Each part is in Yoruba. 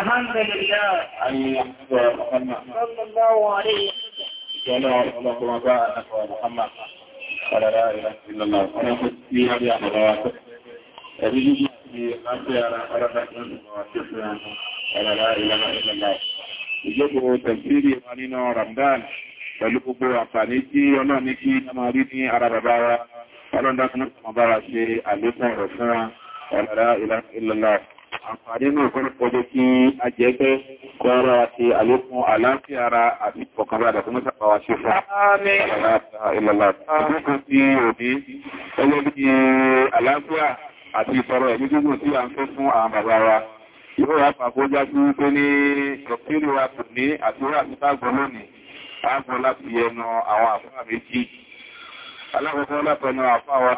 الحمد لله أن يحفظ محمد صلى الله عليه وسلم جميع الله وبارك ومحمد قال لا إله إلا الله أنا قد فيها بأن رواتب أبيه في أسير أردت أن رواتبنا قال لا إله إلا الله ìjọ́gbò tẹ̀sírì wọn nínú Ramadan pẹ̀lú gbogbo àǹfààní tí Ọlọ́run ní kí a máa rí ní ara bàbá wa Ọlọ́run dákùnrin ọmọ bára ṣe àlékún ọ̀rọ̀ fún wa ọ̀lára ìlàlá àǹfààní náà fún ọjọ́ kí a jẹ́ pé kọ́ ara wa ti àlékún àlàáfíà ara àti ìfọ̀kànbalẹ̀ tó mọ́sàpá wa ṣe fún àlàáfíà àti ìfọ̀rọ̀ ẹ̀mí gígùn tí a ń fẹ́ fún àwọn bàbá wa yóò wá pàgbójá sí wípé ní ẹ̀kírí wa kò ní àti wà sí tágbọ́ lónìí tágbọ́ láti ẹnu àwọn àfáà méjì alákọ̀ọ́kọ́ látọ̀nà àfáà wa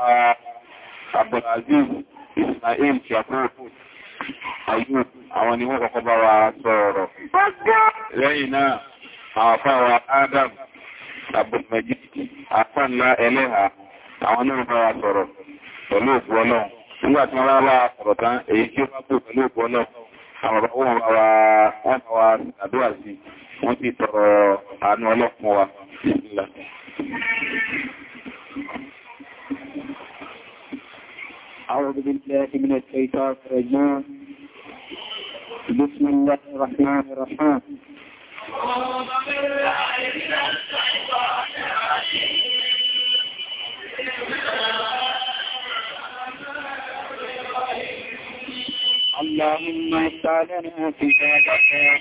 Abdulaziz Ismail Chakopo ayú àwọn ni wọ́n kọ́kọ́ bá wa sọ̀rọ̀ lẹ́yìn náà àfáwà Adam abúrúmẹ́jì àfáànlá ẹlẹ́ha àwọn náà bá wa sọ̀rọ̀ pẹ̀lú òkú ọlọ́run nígbàtí wọ́n bá sọ̀rọ̀ tán èyí tí ó bá kú pẹ̀lú òkú ọlọ́run àwọn bá أعوذ بالله من الشيطان الرجيم بسم الله الرحمن الرحيم أعوذ بالله من الشيطان الرجيم اللهم اجعلنا كتابك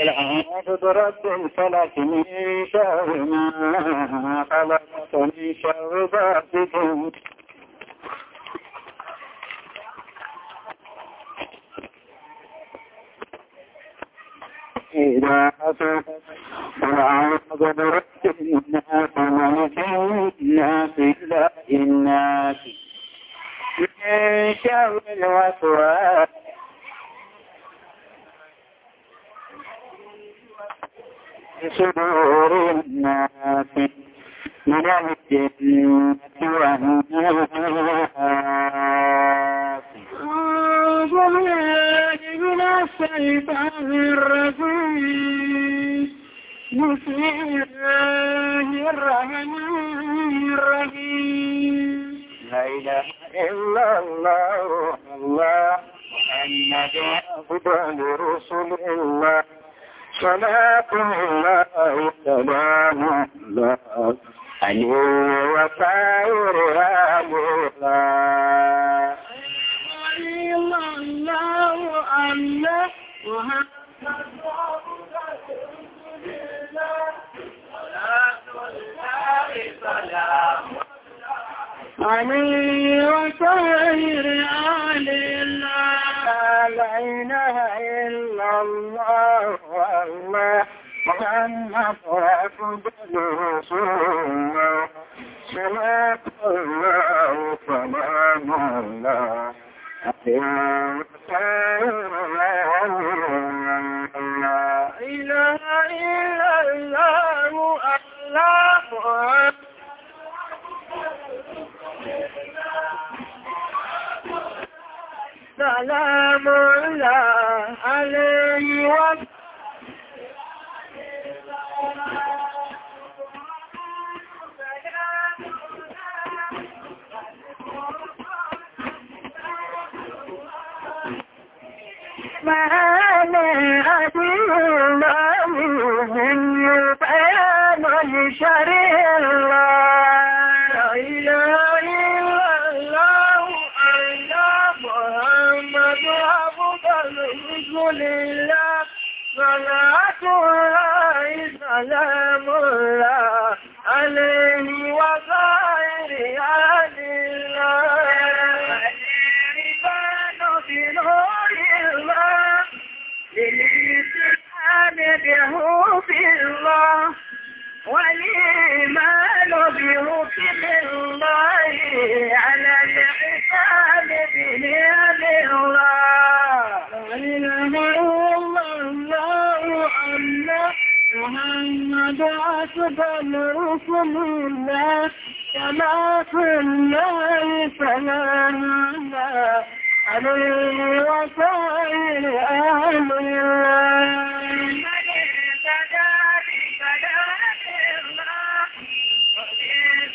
العاقب رب الفلك من شر ما خلقت من شر باسد إذا حسد العاقب رب الناس ملك الناس إله الناس من شر الوسواس صدور الناس من الجنة والناس انظر من الشيطان الرجيم بسم الله الرحمن الرحيم لا إله إلا الله الله محمد أفضل رسول الله صلاة الله وسلام الله عليه وطاهرها مولا الله الله محمد علي وطهر آل الله لا إله إلا الله الله وأن فأفضل رسوله صلاة الله وسلام الله يا خير لا إله إلا الله الله سلام الله عليه وسلم الرحمن الرحيم من يطعم الشريع Allah الله والإيمان بوفق الله على الحساب بنعم الله وإله الله الله الله محمد أفضل رسول الله كما في الله سلام الله عليه وسائر أهل الله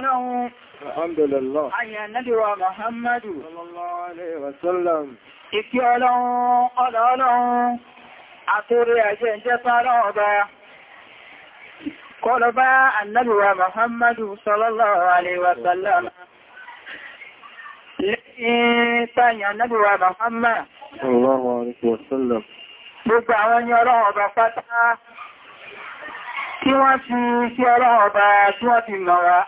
ọlọ́run alhamdulillah ayẹ̀ nẹ́bìrọ Muhammadu sallallahu alaihi wasallam ìkí ọlọ́run ọlọ́run àtórí ẹ̀ṣẹ́ jẹ́ sára ọba kọlọ bá annabuwa Muhammadu sallallahu alaihi wasallam lẹ́yìn tàyà annabuwa Muhammad sallallahu alaihi wasallam gbogbo àwọn ẹni ọlọ́run ọba pátá tí wọ́n fi ọlọ́run ọba tí wọ́n fi mọ̀ra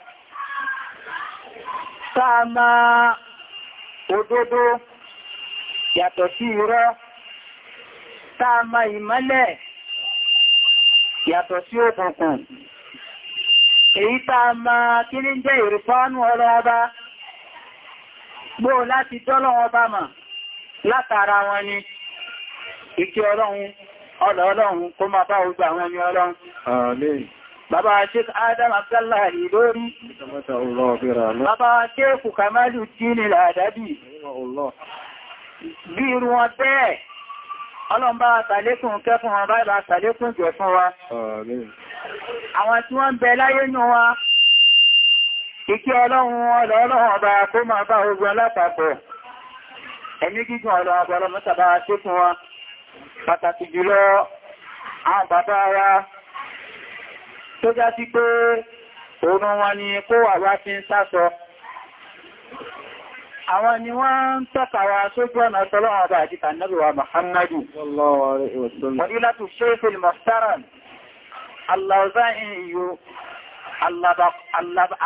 sáàmà òdodo yàtọ̀ sí irọ́ sáàmà ìmọ́lẹ̀ yàtọ̀ sí òkùnkùn èyí sáàmà kí ní jẹ́ ìrìfánú ọ̀rọ̀ ọba gbóò láti dọ́lọ́ ọba mà látara wọn ni ìkí ọlọ́run ọlọ́run kó máa bá ogbà àwọn ẹni ọlọ́run Bàbá Sheikh Adam Abdullahi lórí. Bàbá Sheikh Kamalu Dini Ladabi. Bí irú wọn bẹ́ẹ̀, ọlọ́mbà àtàlékùn kẹfún wọn báyìí bá àtàlékùn jẹ fún wa. Àwọn tí wọ́n bẹ láyé nù wa, ìkẹ́ ọlọ́run ọlọ́run ọba kó máa bá ogun alápapọ̀. Ẹ̀mí gígùn ọlọ́run ọba ọlọ́mọ́sàbá ṣe fún wa. Pàtàkì tó já sí pé oòrùn wọn ni kó wà wá fi ń sásọ àwọn ni wọ́n ń tọ́ka wa sójú ọ̀nà ọ̀tọ́lọ́wọ́n ọba àti tànàbíwa Muhammadu fadilatu shaykhul muhtaram aláwọ̀záìyò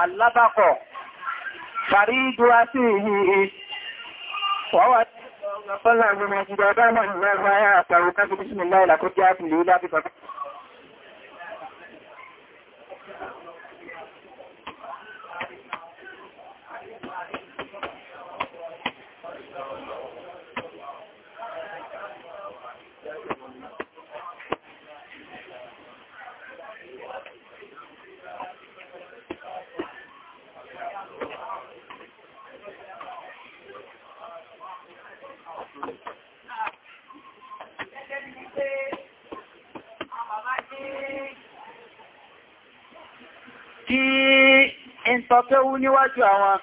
alábàkọ̀ farídù wọ́wà Fọ́lá ìgbìmọ̀ ìjìdá dámọ̀ ìlú ẹgbẹ́ àtàrùkà sí bísmìlá ìlàkójá àti ìlú lábí bàbá. tí ń tọ́kẹ́wú níwájú àwọn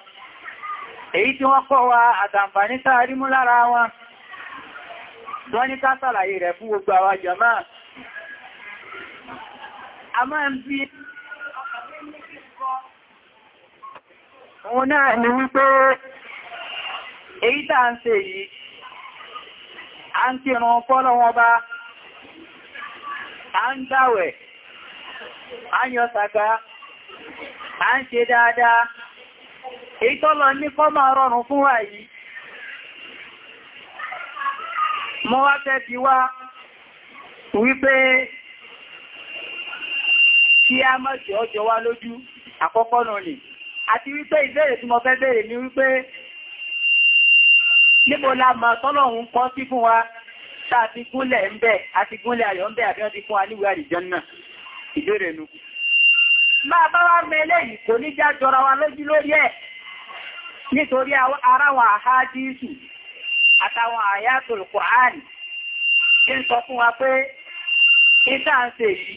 èyí tí wọ́n kọ́ wa àtàǹfàní sáàrí mú lára wọn wọ́n ní ká ṣàlàyé rẹ̀ fún gbogbo àwa jàmá a máa ń bí òun náà wípé èyí tà ń ṣe yìí a ń kírun fọ́lọ́ wọn bá a ń dáwẹ̀ a ń yọ sàgá a ń ṣe dáadáa èyí tọ́lọ ní kọ́ máa rọrùn fún wa yìí mo wá fẹ́ fi wá wípé kí a mọ́ sí ọjọ́ wá lójú àkọ́kọ́ náà nì àti wípé ìbéèrè tí mo fẹ́ béèrè ní wípé níbo la mọ̀ tọ́lọ̀hún kọ́ sí fún wa tá a ti gúnlẹ̀ ń bẹ̀ àti gúnlẹ̀ ayọ̀ ń bẹ̀ àbí wọ́n ti fún wa níwẹ̀ àdìjọ́ náà ìbéèrè nù máa bá wá mẹ́lẹ̀ yìí kò ní já jọra wa lójú lórí ẹ̀ nítorí aráwọn àhájísù àtàwọn àyátòl Kùránì tí ń sọ fún wa pé ìtàǹsẹ̀ yìí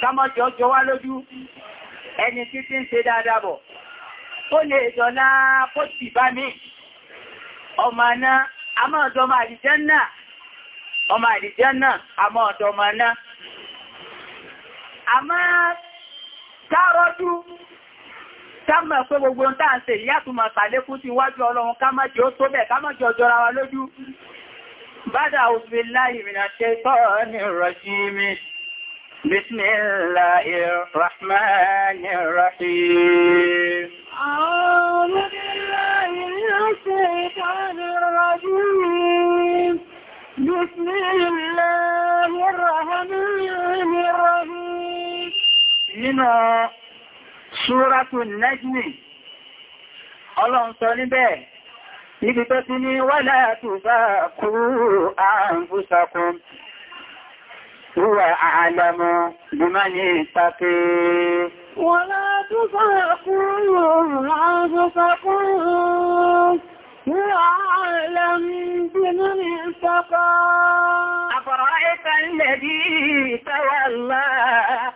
kámọ́jọ wá lójú ẹni tí tí ń ṣe dáadáa bọ̀ ó lè ìjọ̀lá kó ti bá mi ọmọ náà a máa ọmọ a kárọ́jú ká mọ̀ pé gbogbo ń tàà ṣe ìyàtùmọ̀ sàlékún sí iwájú ọlọ́run ká má jẹ́ ó tó bẹ̀ ká má jẹ́ ọjọ́ra wa lójú bádà billahi minash shaitanir rajim bismillahir rahmanir rahim a'udhu billahi minash rahim nínú ṣúrátù nẹ́jìnì ọlọ́run sọ níbẹ̀ níbi tó ti ní wà láàtù bá kú àǹfúsakún Wúwà àlàmù bímá ní ìtàkì. Wọ́n látú sára kúrò àlàmù bímá ní ìtàkì. Àfàrà ẹ̀ta ilẹ̀ bí ìtàwà láà.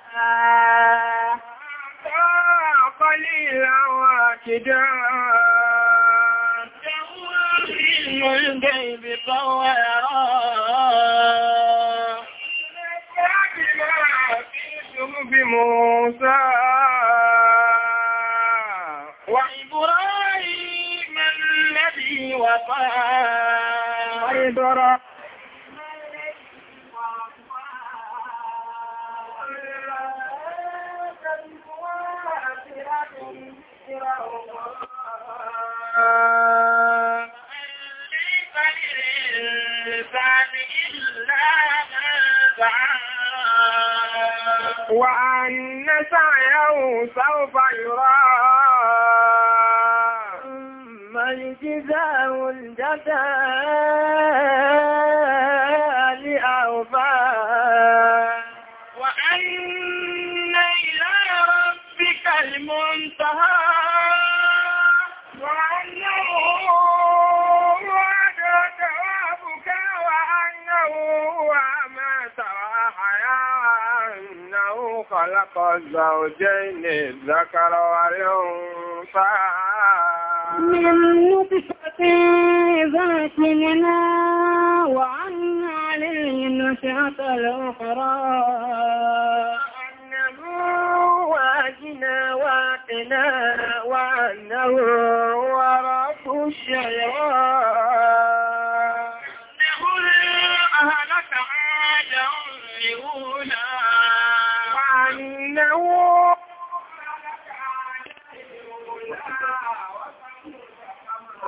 ساء قليلا واكدا علم الغيب طويرا بموسى وإبراهيم الذي وقى وأن سعيه سوف يرى ثم يجزاه الجزاء خلق الزوجين الذكر والأنثى من نطفة ذات منا وعن عليه النشأة الأخرى أنه واجنا واقنا وأنه هو رب الشيطان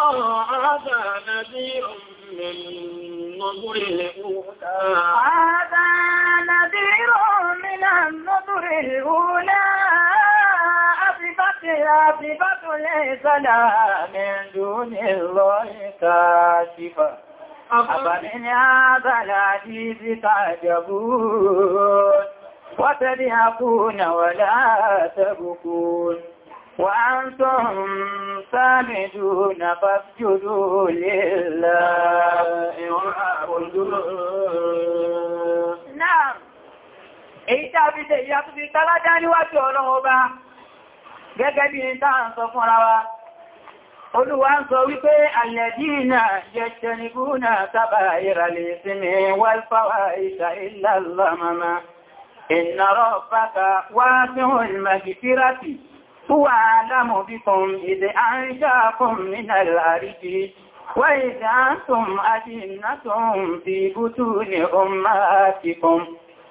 هذا نذير من النذر الأولى هذا نذير من النذر الأولى أصبت أصبت ليس لها من دون الله كاشفة أفمن هذا العزيز تعجبون وتذهبون ولا تبكون وأنتم سامدون فاسجدوا لله واعبدوه نعم èyí tí a fi ṣe ìyá tó fi tàlájá níwájú ọlọ́run ọba gẹ́gẹ́ bí i tá à ń sọ fún ara wa olúwa ń sọ wípé alẹ́dínà yẹtẹnibúnà sábà ìrànlẹ̀ ìsinmi wálfàwà ìṣà ìlàlọ́màmà ìnàrọ̀ pàtà wá sí هو أعلم بكم إذ أنشاكم من الأرض وإذ أنتم أجنة في بطون أمهاتكم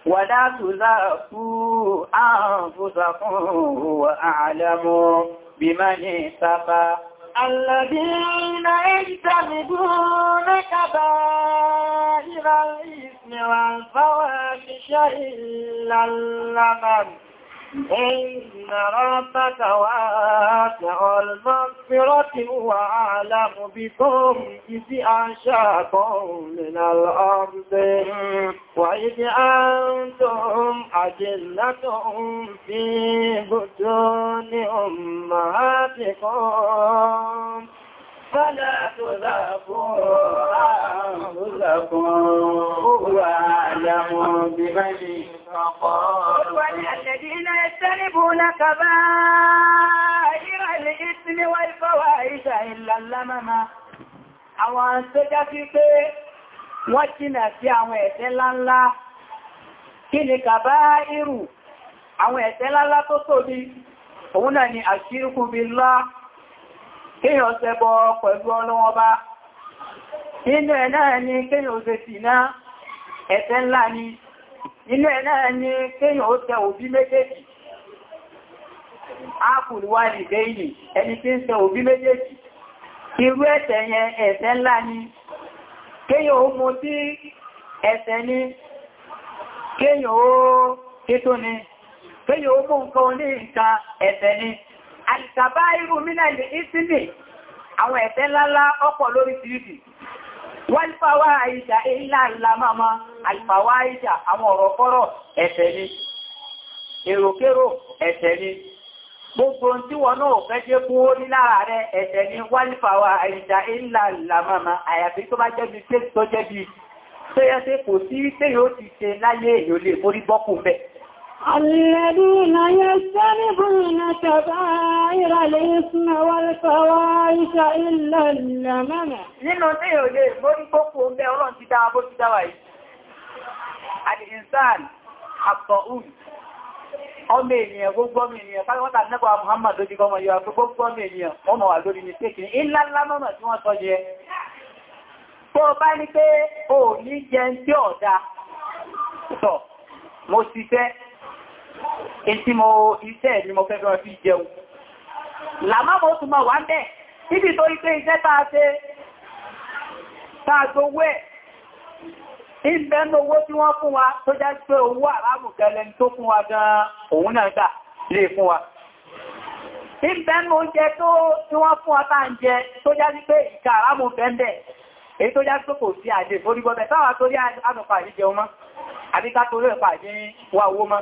ولا تزاكوا أنفسكم وأعلموا بمن اتقى الذين يجتنبون كبائر الإثم والفواحش إلا اللمم إن ربك واسع المغفرة وأعلم بكم إذ أنشاكم من الأرض وإذ أنتم أجلة في بطون أمهاتكم فلا تذكروا أنفسكم هو أعلم بمن فقال والذين يجتنبون كبائر الإثم والفواحش إلا اللمم àwọn àṣẹ́já sí pé wọ́n jìnà sí àwọn ẹ̀ṣẹ̀ láńlá kí ni kàbá irù àwọn ẹ̀ṣẹ̀ láńlá tó tóbi òun náà ni àṣírùkù billah kéèyàn ṣẹbọ pẹ̀lú ọlọ́wọ́ bá nínú ẹ̀ náà ni kéèyàn ó ṣe sì náà ẹ̀ṣẹ̀ ńlá ni nínú ẹ̀ náà ni kéèyàn ó tẹ òbí méjèèjì ápùlúwà nìdé ìlì ẹni tí ń tẹ òbí méjèèjì irú ẹ̀ṣẹ̀ yẹn ẹ̀ṣẹ̀ ńlá ni kéèyàn ó mú sí ẹ̀ṣẹ̀ ni kéèyàn ó kétó ni kéèyàn ó mú nǹkan ní nǹkan ẹ̀ṣẹ̀ ni àìsàbá irú mínà ilẹ̀ ìsinmi àwọn ẹ̀fẹ́ lálá ọ̀pọ̀ lórí tìrìtì wálfàwà àìsà ilá ńlá máma àìfàwà àìsà àwọn ọ̀rọ̀ kọ́rọ̀ ẹ̀ṣẹ̀ ni èròkérò ẹ̀ṣẹ̀ ni gbogbo tí wọn náà fẹ́ jẹ́ kú ó ní lára rẹ ẹ̀ṣẹ̀ ni wálfàwà àìsà ilá ńlá máma àyàfi tó bá jẹ́bi tó jẹ́bi tó yẹ́ sí kò sí tí yóò ti ṣe láyé الذين يجتنبون كبائر الإثم والفواحش إلا اللمم nínú tí ò lè mórí kókò ń bẹ ọlọ́run ti dáa bó ti dáwà yìí al-insan àtọ̀ún ọmọ ènìyàn gbogbo ọmọ ènìyàn pàtàkì nẹ́bà Muhammad lójí gọmọ yóò àpò gbogbo ọmọ ènìyàn wọ́n wà lórí ní tèkì ní ìlànlá tí wọ́n sọ tó bá ní pé ò ní jẹ tí ọ̀dá tọ̀ mo ti fẹ́ ètí mo iṣẹ́ ni mo fẹ́ bẹ̀rẹ̀ fi jẹun làmọ́mọ́ tún mọ̀ wá bẹ́ níbi tó ipé iṣẹ́ tàà ṣe tàà gbówó ẹ̀ ìbẹ̀nà owó tí wọ́n fún wa tó jẹ́ pé owó àrámù gẹ̀lẹ̀ tó fún wa gan òun náà gbà lè e fún wa ìbẹ̀nà oúnjẹ tó tí wọ́n fún wa tàà ń jẹ tó jẹ́ pé ìkà àrámù bẹ́ẹ̀ èyí tó jẹ́ pé sí àjẹ́ ìforígbọ́bẹ̀ táwà torí àdùnfà ìjẹun mọ́ àbíká torí ẹ̀fà ìjẹ́ wà owó mọ́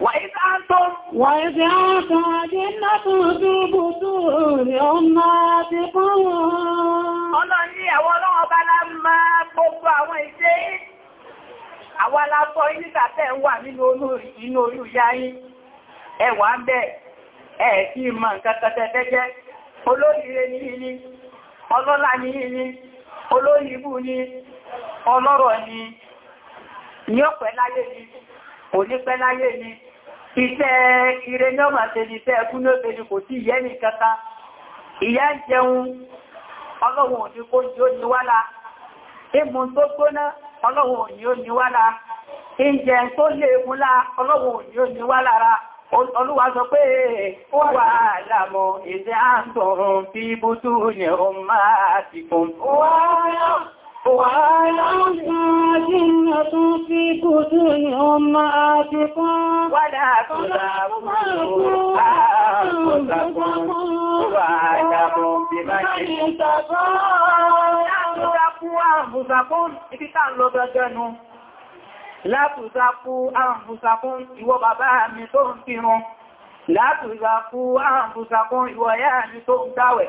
وإذ أنتم وإذ أنتم أجنة في بطون أمهاتكم Ọlọ́run ní àwọn ọlọ́run ọba la máa gbogbo àwọn iṣẹ́. àwọn aláfọ́ ìníkàtẹ́ wà nínú inú orí ń kí nǹkan iṣẹ́ ire ní ọmọ àtẹ́lì iṣẹ́ ẹkún ní òṣèlú kò sí ìyẹ́ ní kẹta ìyá jẹun ọlọ́run òní kó jí ó níwálá ìmú tó gbóná ọlọ́run òní ó níwálá ìjẹ tó lè múlá ọlọ́run òní ó níwálá وعلامات في كتب أمهاتكم ولا تلامون أنفسكم واعلموا بما اتقى أنفسكم ibi tá ń lọ gẹ́gẹ́nu látùzákú àǹfùsàkún ìwọ bàbá mi tó ń kírun látùzákú àǹfùsàkún ìwọ ìyá mi tó ń dáwẹ̀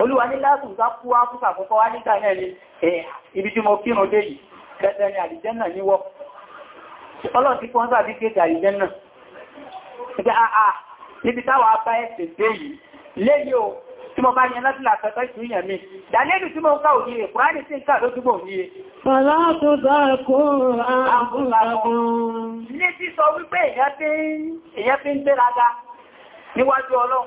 olúwa ní látùn sá kú ápùsà àkọ́kọ́ wá nígbà náà ni ibi tí mo kírun dé yìí tẹ́tẹ́ ni àlìjẹ́nà níwọ́ ọlọ́run ti fọ́n sáà dígbé àlìjẹ́nà ìgbà àà níbi táwà bá ẹ̀sẹ̀ dé yìí léyìí o tí mo bá yẹn láti làkẹ́kọ́ ìsú yẹn mi dàlẹ́lù tí mo ká òní rẹ̀ kùránì sí ìkà lójúgbò ní e fọ́lá tó bá kó àkùnlàkùn ní sísọ wípé èyàn fi ń tẹ́raga níwájú ọlọ́run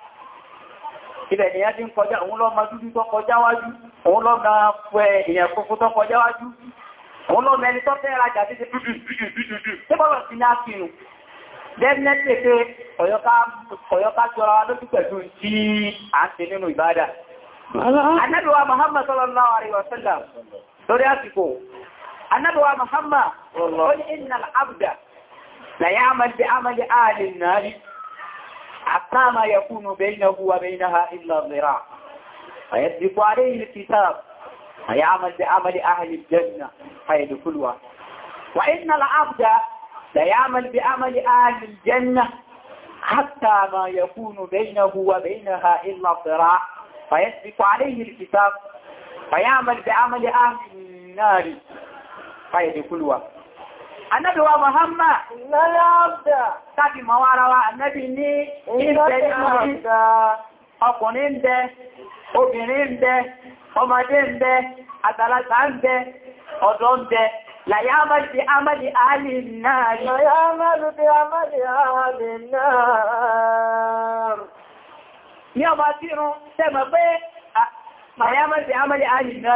ibẹ̀ ni ẹni ń kọjá òun lọ ma dúdú tó kọjá wájú òun lọ ma fẹ́ èèyàn funfun tó kọjá wájú òun lọ mẹni tó fẹ́ rajà títí dúdú dúdú dúdú tó bọ́rọ̀ sí ní àfihàn definitely pé ọ̀yọ́ká jọra wa lójú pẹ̀lú tí a ń ṣe nínú ìbádà Ànábì wa Muhammad sallallahu alaihi wasallam lórí àsìkò Ànábì wa Muhammad ó ní حتى ما يكون بينه وبينها إلا الذراع فيسبق عليه الكتاب فيعمل بعمل أهل الجنة فيدخلها وإن العبد ليعمل بعمل أهل الجنة حتى ما يكون بينه وبينها إلا الذراع فيسبق عليه الكتاب فيعمل بعمل أهل النار فيدخلها Ànábì wa Muhammad. Ìlọ́lá ọ̀dà. Tàbí mọ̀ wára wa, ànábì ní ìfẹ́ nínú ìdá. Ọkùnrin ń bẹ, obìnrin ń bẹ, ọmọdé ń bẹ, àgbàlagbà ń bẹ, ọ̀dọ́ ń na Làyá Amadi bí Amadi Ali náà rí. Làyá Amadi bí Amadi Ali náà rí. Ní ma tí irun tẹ́mọ̀ pé Làyá Amadi bí Amadi Ali náà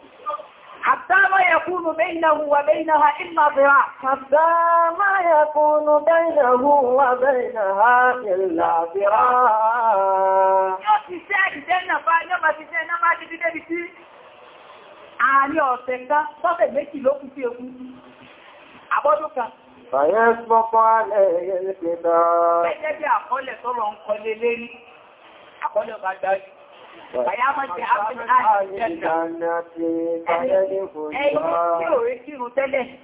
حتى ما يكون بينه وبينها إلا ذراع حتى ما يكون بينه وبينها إلا ذراع Àárín ọ̀sẹ̀ ká sọ́sẹ̀ méjì ló kú sí ogun, àbọ́dún kan. Fàyẹ́ sọ́pọ̀ alẹ́ ẹ̀yẹ́ ìpínlẹ̀. Bẹ́ẹ̀ jẹ́ bí àkọọ́lẹ̀ tọ́rọ ń kọ lé lérí, àkọọ́lẹ̀ bá dájú. Àyámọ́ ti àpínlẹ̀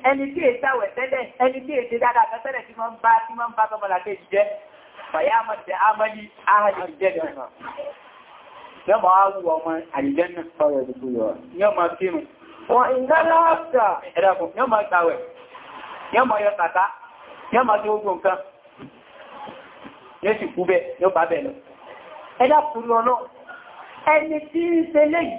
ẹni tí èsàwẹ̀ tẹ́lẹ̀, ẹni tí èsì dáadáa tẹ́lẹ̀ tí wọ́n bá tí wọ́n bá tọ́mọ̀lá tẹ́ jẹ́, fàyámọ́ ti àmọ́lì ààrẹ ìjẹ́ náà. Yọ́mọ̀ á wù ọmọ àìjẹ́ náà sọ́rọ̀ ìdúkú yọ. Yọ́mọ̀ kírùn. Wọ́n ìgbẹ́lá ọ̀tà. Ẹ̀dàkùn, yọ́mọ̀ ìgbàwẹ̀, yọ́mọ̀ yọ tàtà, yọ́mọ̀ tí ó gùn kan, yóò sì kú bẹ́ yóò bá bẹ̀ lọ ẹni tí ń ṣe léyìí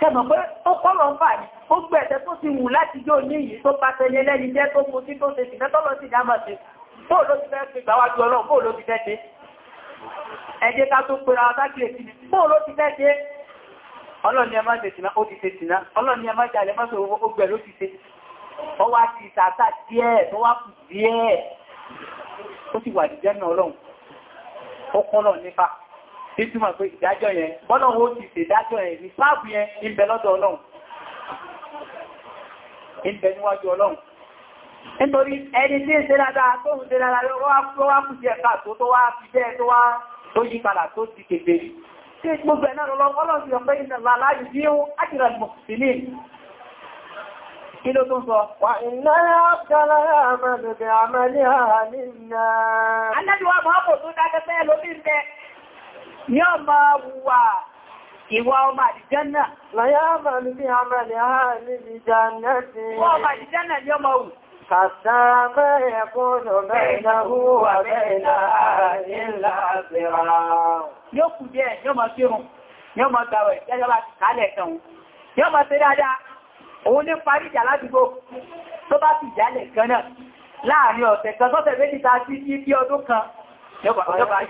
tẹ́mọ̀ pé ó kọ́lọ̀ ń fàní ó gbẹ̀ẹ̀tẹ́ tó ti wù láti jó ní ìyí tó bá tẹ́lẹ̀ lẹ́ni jẹ́ tó mú sí tó ṣe sì mẹ́tọ́lọ́ sí dámà sí bóò ló ti fẹ́ fi gbà wájú ọlọ́run bóò ló ti fẹ́ ṣe ẹjẹ́ ká tó pera ọ̀tá kìí sí ni bóò ló ti fẹ́ ṣe ọlọ́ni ẹ má ṣe sìná ó ti ṣe sìná ọlọ́ni ẹ má ṣe àlẹ́ mọ́sọ̀ ó gbẹ̀ ló ó kọ́lọ̀ nípa ìtumọ̀ pé ìdájọ́ yẹn bọ́lọ̀wọ́ ti ṣe ìdájọ́ yẹn ní sáàbù yẹn ìbẹ̀ lọ́dọ̀ ọlọ́run ìbẹ̀ níwájú ọlọ́run nítorí ẹni tí ń ṣe dáadáa tó ń ṣe dáadáa lọ́wọ́ wá kú sí ẹ̀ka tó tó wá fi bẹ́ẹ̀ tó wá tó yí padà tó ti kèfè tí gbogbo ẹ̀ náà lọ́wọ́ sí ọ̀pẹ́ ìṣẹ̀lá láyé bí ó ájìrà mọ̀sílì kí ló tó ń sọ wà iná ní ọmọ wà ìwà ọmọ àdìjánà láyábà ní bí a mẹ́lẹ̀ àà níbi jánà ti ọmọ àdìjánà ní ọmọ wù kàtàmẹ́ ẹ̀kún lọ́mẹ́lẹ̀ wà mẹ́lẹ̀ àìlà àpẹ̀rà yóò kù díẹ̀ yóò mọ̀ kírun yóò mọ̀ gbàwẹ̀ jẹ́jọ́ bá ti kálẹ̀ ẹ̀kàn yóò mọ̀ sí dáadáa òun ní parí ìjà ládùúgbò tó bá ti jálẹ̀ kan náà láàrin ọ̀sẹ̀ kan sọ́sẹ̀ méjì ta sí ọdún kan Yọ́pàá ọjọ́pàá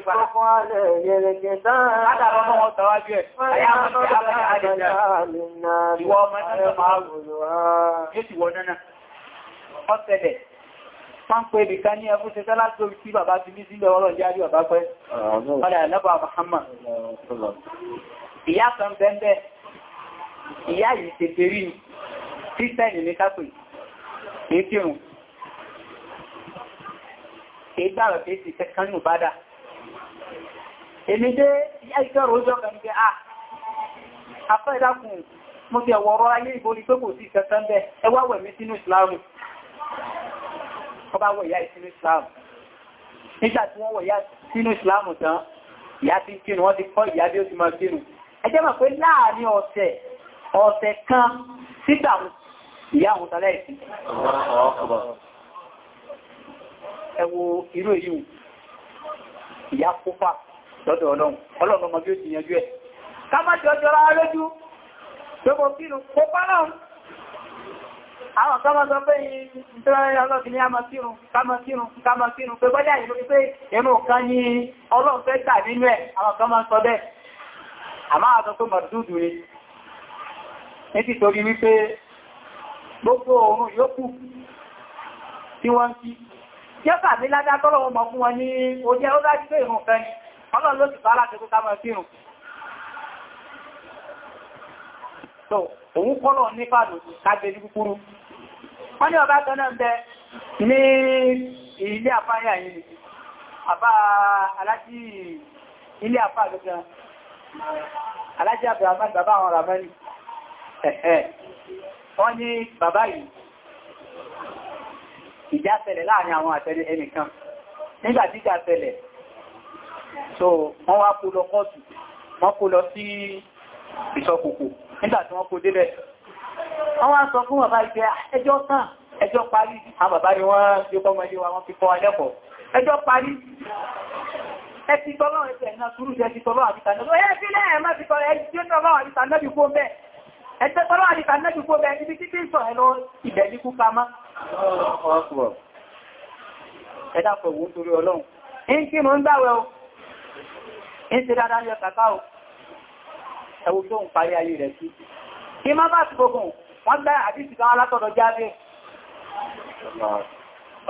ṣe tẹ́lá tó tí bàbá ti bí sílẹ̀ ọ̀rọ̀ járí bàbá pẹ́ ọ̀rẹ́ àlẹ́bà Muhammad ìyá kan bẹ́ẹ̀bẹ́ ìyá yìí tètè ní kápẹ̀ ní kírùn ìgbàrà pé ti kẹkàn ní ìbádà èmi dé ẹgbẹ̀rún ojú ọkàn ní pé à afẹ́ ìdákùn mo ti ẹ̀wọ̀rọ̀ ayé ìborí pé kò sí kẹkàn bẹ́ ẹwà wẹ̀ mí sínú ìsìláàmù ọba wọ̀ ìyá sínú ìsìláàmù nígbà tí wọ́n wọ̀ ìyá sínú ìsìláàmù tán ìyá ti kírun wọ́n ti kọ́ ìyá bí ó ti máa kírun ẹjẹ́ mọ̀ pé láàárín ọ̀sẹ̀ ọ̀sẹ̀ kan síta ìyá àwọn tàlẹ́ ìsìn ẹwọ irú èyí ìyá kópa lọ́dọ̀ ọlọ́run ọlọ́run ọmọ bí ó ti yanjú ẹ̀ ká má jọ jọra lójú gbogbo kínú kópa náà àwọn kọmọ sọ pé ìtọ́rẹ́ ọlọ́gbìn ní a máa sírun ká máa sírun ká máa sírun pé bọ́jà ìlú pé ẹnu kan ní ọlọ́fẹ́ tà nínú ẹ̀ àwọn kọmọ sọ bẹ́ẹ̀ àmá àtọ́ pé mọ̀dúdù ni ní ti torí wípé gbogbo òun yóò kù tí wọ́n kí jẹ́fà ní ládá tọ́lọ̀ wọn mọ̀ fún wọn ní ojú ẹ́ ó dájú pé ìrùn fẹ́ ni ọlọ́run ló sì bá láti kó sámọ̀ fíhùn so òun kọ́lọ̀ nípa lòdì kágbèrí kúkúrú wọ́n ní ọba gan náà bẹ ní ilé àfáyà yìí àbá alájí ilé àfá gẹ́gẹ́ alájí àbúrámán bàbá àwọn ramani wọ́n yìí ìjà ṣẹlẹ̀ láàrin àwọn àtẹni ẹnìkan nígbà tí ìjà ṣẹlẹ̀ so wọ́n wá kó lọ kọ́ọ̀tù wọ́n kó lọ sí ìṣọ̀kòkò nígbà tí wọ́n kó débẹ̀ wọ́n wá sọ fún bàbá ìfẹ́ ẹjọ́ tán ẹjọ́ parí àwọn bàbá ni wọ́n yóò kọ́ mọ́lé wa wọ́n fi kọ́ alẹ́kọ̀ọ́ ẹjọ́ parí ẹtì tọ́lọ́ ẹ̀sẹ̀ náà túrù jẹ́ ti tọ́lọ́ àbíkà náà ẹgbẹ́ pẹ́lú àríkà nẹ́bí kó bẹ ibi títí sọ ẹ̀lọ ìbẹ̀bí kú pamá ẹ̀dàpọ̀ wò torí ọlọ́run in kí mọ́ ń gbáwẹ́ o in ti dáadáa yọ kàkà o ẹwù tó ń parí ayé rẹ̀ sí kí má bá ṣùgbọ́gùn wọ́n gbá àdíṣì kan alátọ̀dọ̀ jáde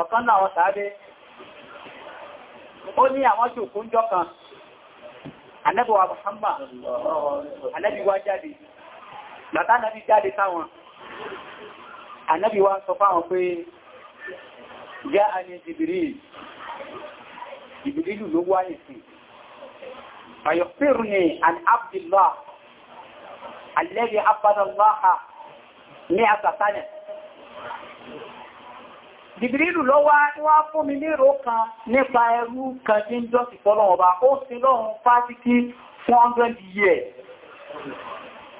ọ̀kan náà wọ́n sáré ó ní jáde bàtà nàbí jáde táwọn ànábì wa sọ fáwọn pé já a ní jìbìrìl jìbìrìlù ló wáyé sí fàyọ̀fẹ́rù ní an abdullah alẹ́rí abadallaha ní àtàtàlẹ̀ jìbìrìlù ló wá wá fún mi lérò kan nípa ẹrú kan tí ń jọ́ sí fọ́lọ́wọ́ba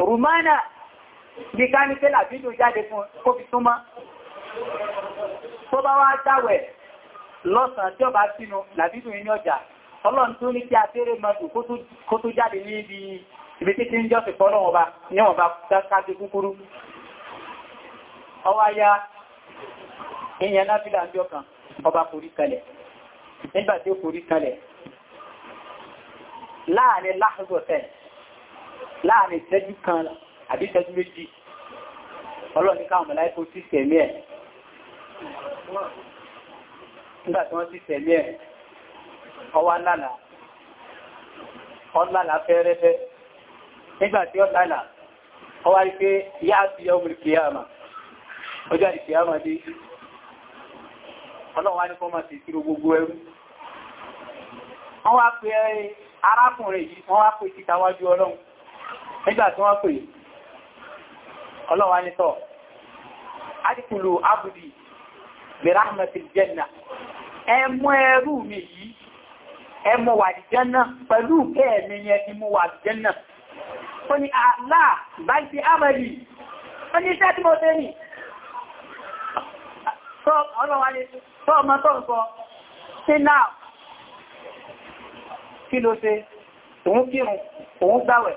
Rumana bí ká ní pé làbídò jáde fún kó fi súnmọ́. Tó bá wá dáwẹ̀ lọ́sàn tí ó bá sínú làbídò ní ọjà, ọlọ́run tó ní kí a tẹ́rẹ mọ́tò kó tó jáde ní ibi ibi títí ń jọ́sì fọ́lọ́wọ́n ya ìyẹn lábílà ń jọ kan, ọba forí kalẹ̀. Nígbà tí ó forí kalẹ̀, láàrin láàrín láàrin ìṣẹ́jú kan àbí ìṣẹ́jú méjì ọlọ́ni káwọn mẹ́láìkó sí tẹ̀mí ẹ̀ nígbà tí wọ́n sí tẹ̀mí ẹ̀ ọwá lálà ọlálà fẹ́rẹ́fẹ́ nígbà tí ọlálà ọwá rí pé yá sí ọmọdé kìíyàmà ọjọ́ ìkìíyàmà dé ọlọ́wà ní fọ́mà sí ìṣirò gbogbo ẹrú wọ́n wá pé arákùnrin yìí wọ́n wá pé títàwájú ọlọ́run nígbà tí wọ́n pè ọlọ́wà nítọ̀ adìkùlù abudi birahmatil janna ẹmọ ẹrù mi yìí ẹmọ wà ní janna pẹ̀lú kẹ́ẹ̀mí yẹn ti mú wà ní janna ó ní àlá báyìí ti amẹ́lì ó ní iṣẹ́ kí ló ṣe òun kírun òun gbáwẹ̀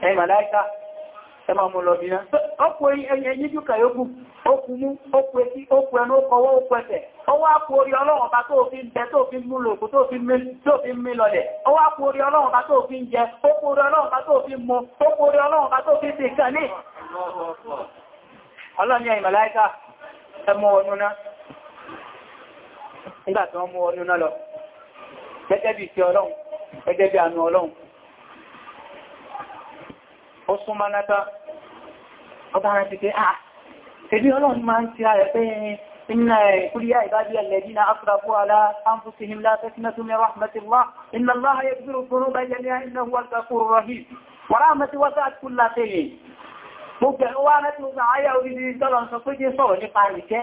ẹ màláíkà ẹ máa mú lọ bí náà ọkùn ẹyẹ yíjú kàyókù okùn okùn etí okùn ẹnu ọwọ́ okùn ẹsẹ̀ ọwọ́ àpò orí ọlọ́run bá tó fi ń jẹ tó fi mú lòkù tó fi mí lọlẹ̀ ọwọ́ àpò orí ọlọ́run bá tó fi ń jẹ okùn orí ọlọ́run bá tó fi okùn orí ó súnmọ́ náta ọba ara ti pé à ah, ṣebí ọlọ́run máa ń ti ara pé inna kuliya ibadiya alladhina asrafu ala anfusihim la taqnatu min rahmatillah inna allaha yaghfiru dhunuba jami'a innahu huwal ghafurur rahim wa rahmatu wasi'at kulla shay'in gbogbo ẹ̀wọ́ aláti ó sàn áyà orí ìdọ́lọ̀ sọ pé jẹ́ sọ̀rọ̀ nípa ìjẹ́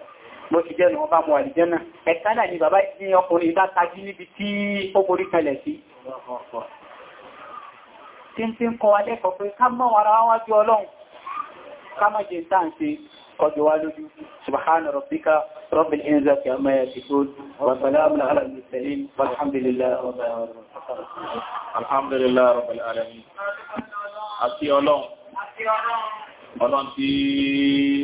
bó ṣe jẹ́ lọ́wọ́ bá mọ̀ àlìjẹ́nà ẹ̀kádà ni bàbá ní ọkùnrin bá tají níbi tí ó borí kalẹ̀ sí tí ń tí ń kọ alẹ́kọ̀ọ́ pé ká mọ́ ara wá jù ọlọ́run ká mọ́ jẹ sáàǹsì ọjọ́ wá lójú subhana rabbika rabbil izzati amma ọlọ́run tí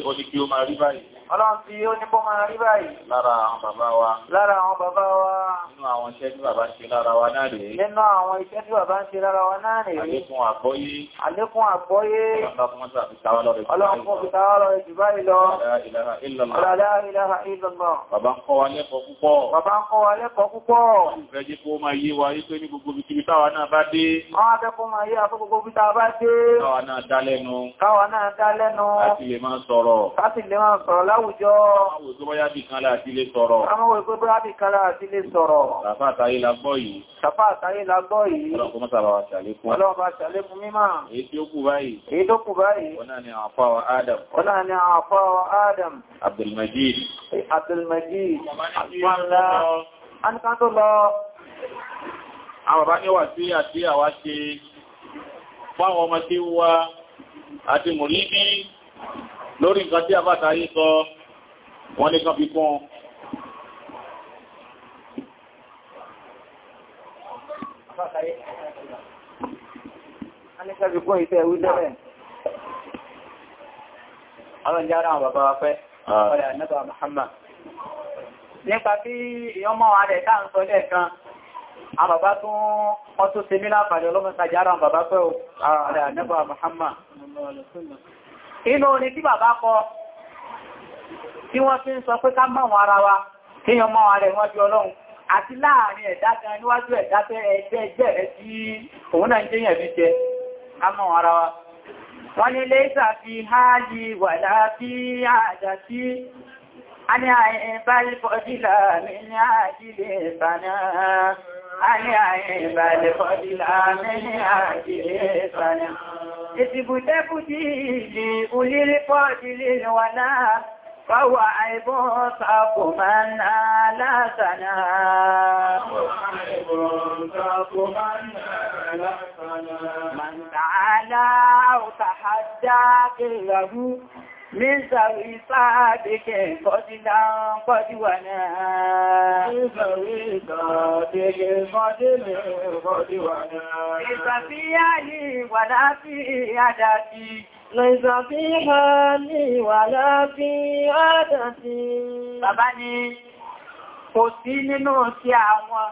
ó ní kí ó máa rí báyìí Ọlọ́run tí ó ní kó máa rí báyìí. Lára àwọn bàbá wa. Lára àwọn bàbá wa. Nínú àwọn iṣẹ́ tí bàbá ń ṣe lára wa náà rèé. Nínú àwọn iṣẹ́ tí bàbá ń ṣe lára wa náà rèé. Àlékún àgbọ́yé. Àlékún àgbọ́yé. Ọlọ́run kó fi tàwà lọ jù báyìí lọ. La ilaha illallah. Bàbá ń kọ́ wa lẹ́kọ̀ọ́ púpọ̀. Bàbá ń kọ́ wa lẹ́kọ̀ọ́ púpọ̀. Ìfẹ́ jẹ́ kó máa yé wa wípé ní gbogbo ibi táwa náà bá dé. Wọ́n á fẹ́ láwùjọ. Àwọn òṣèlú bóyá bí kan láti lè sọ̀rọ̀. Àwọn òṣèlú bóyá bí kan láti lè sọ̀rọ̀. Sàfá àtàrí la gbọ́ yìí. Sàfá àtàrí la gbọ́ yìí. Ọlọ́pọ̀ mọ́sàbà wa ṣàlékún. tí Adam. Ọ̀nà ni àfá Adam. Abdulmajid. Abdulmajid. Àgbọ́nlá. A ní ká tó lọ. Àwọn bàbá ní wà sí àti ṣe fáwọn ọmọ tí wá àti mùrí bí lórí nǹkan tí àbáta yí sọ wọ́n ní kan fi kún Àwọn ìjára àwọn bàbá wa fẹ́, ọ̀rẹ́ ànẹ́bà Muhammad. Nípa bí ìyọ́mọ̀ ààrẹ táà ń sọ lẹ́ẹ̀kan, àwọn bàbá tún ọtún sí nílá àpàdé ọlọ́mọ̀ta jára àwọn bàbá fẹ́ ọ̀rẹ́ ah, ànẹ́bà Muhammad. inú orin tí bàbá kọ tí wọ́n fi ń sọ pé ká wọn ara wa kí yàn mọ́ wọn bí ọlọ́run àti láàrin ẹ̀dá gan níwájú ẹ̀dá pé ẹgbẹ́ ẹgbẹ́ rẹ̀ tí òun náà ń jẹ́yàn bí jẹ ká ara wa wọ́n ni lẹ́sà fi háàlì wà fi sí أن عيب الفضل من عاجل فنا أن عيب الفضل من عاجل فنا إثبت فضيل أولي الفضل الولا فهو عيب صعب من على سنا فهو عيب صعب من على سنا من تعالى أو تحدى قله من سوي صعبك قتلا قدونا من سوي صعبك قتلا قدونا ليس في علي ولا في عدتي ليس في حالي ولا في عدتي Bàbá ni kò sí nínú sí àwọn,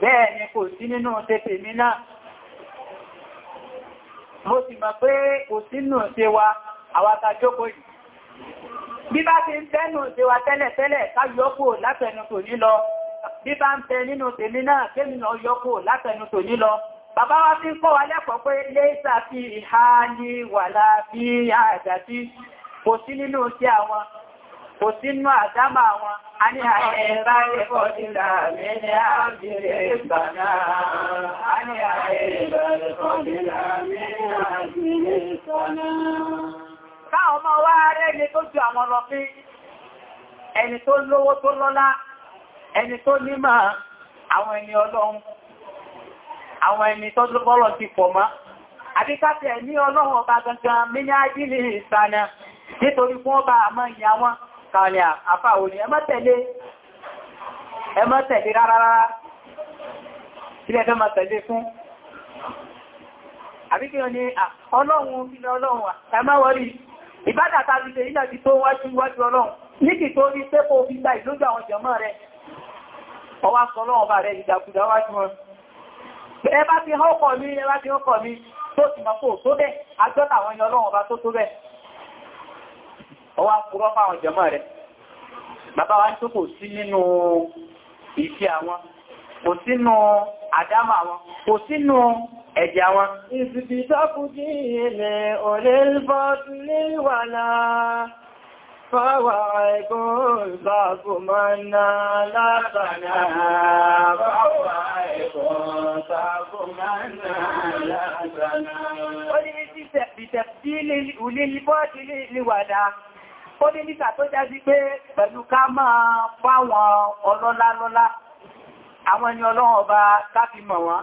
bẹ́ẹ̀ ni kò sí nínú tètè mi náà. Mo sì mọ̀ pé kò sínú sí wa, àwátà yìí bí bá ti ń tẹ́nu ṣe wa tẹ́lẹ̀tẹ́lẹ̀ ká yọ́kò látẹnu tò ní lọ bí bá ń tẹ nínú tèmi náà kémi náà yọ́kò látẹnu tò bàbá wa fi ń kọ́ wa lẹ́kọ̀ọ́ pé léṣà fi ìhá ní wàlá bí àjàtí kò sí nínú sí àwọn kò sí nínú àdámà àwọn a ní àẹ̀rá ẹ̀kọ́ sílá mi ní àbìrẹ̀ ìgbàná a ní àẹ̀rá ẹ̀kọ́ sílá mi ní àbìrẹ̀ ìgbàná káwọn ọmọ wá rẹ́ni tó ju àwọn lọ pín ẹni tó lówó tó lọ́lá ẹni tó nímọ̀ àwọn ẹni ọlọ́run àwọn ẹni tó lọ́bọ́lọ̀ ti pọ̀ mọ́ àbíkáfẹ́ ní ọlọ́run ọba gangan mílíà jílì ìsànà nítorí fún ọba àmọ́ ìyá wọn àfáwò ìbádà tàbí ṣe ilẹ̀ ti tó wájú iwájú ọlọ́run ní kì tó rí pé kò fi gba ìlójú àwọn jẹmọ́ rẹ̀ ọwá sọlọ́run bá rẹ̀ ìdàkudà wájú wọn ẹ bá ti ọkọ̀ mi ẹ bá ti ọkọ̀ mi tó ti mọ́kò tó bẹ́ agbọ́ta àwọn ẹyọ ọlọ́run bá tó tó bẹ́ ọwá purọ́ ẹ̀jẹ̀ àwọn. Ìsìbì tọ́kùdí ilẹ̀ olèlfọ́túléwàlá fáwà ẹ̀kùn sàkùmọ́nà látàná fáwà ẹ̀kùn sàkùmọ́nà látàná. Ó ní ní títẹ̀ Àwọn ẹni ọlọ́run ọba káfí mọ̀ wọn,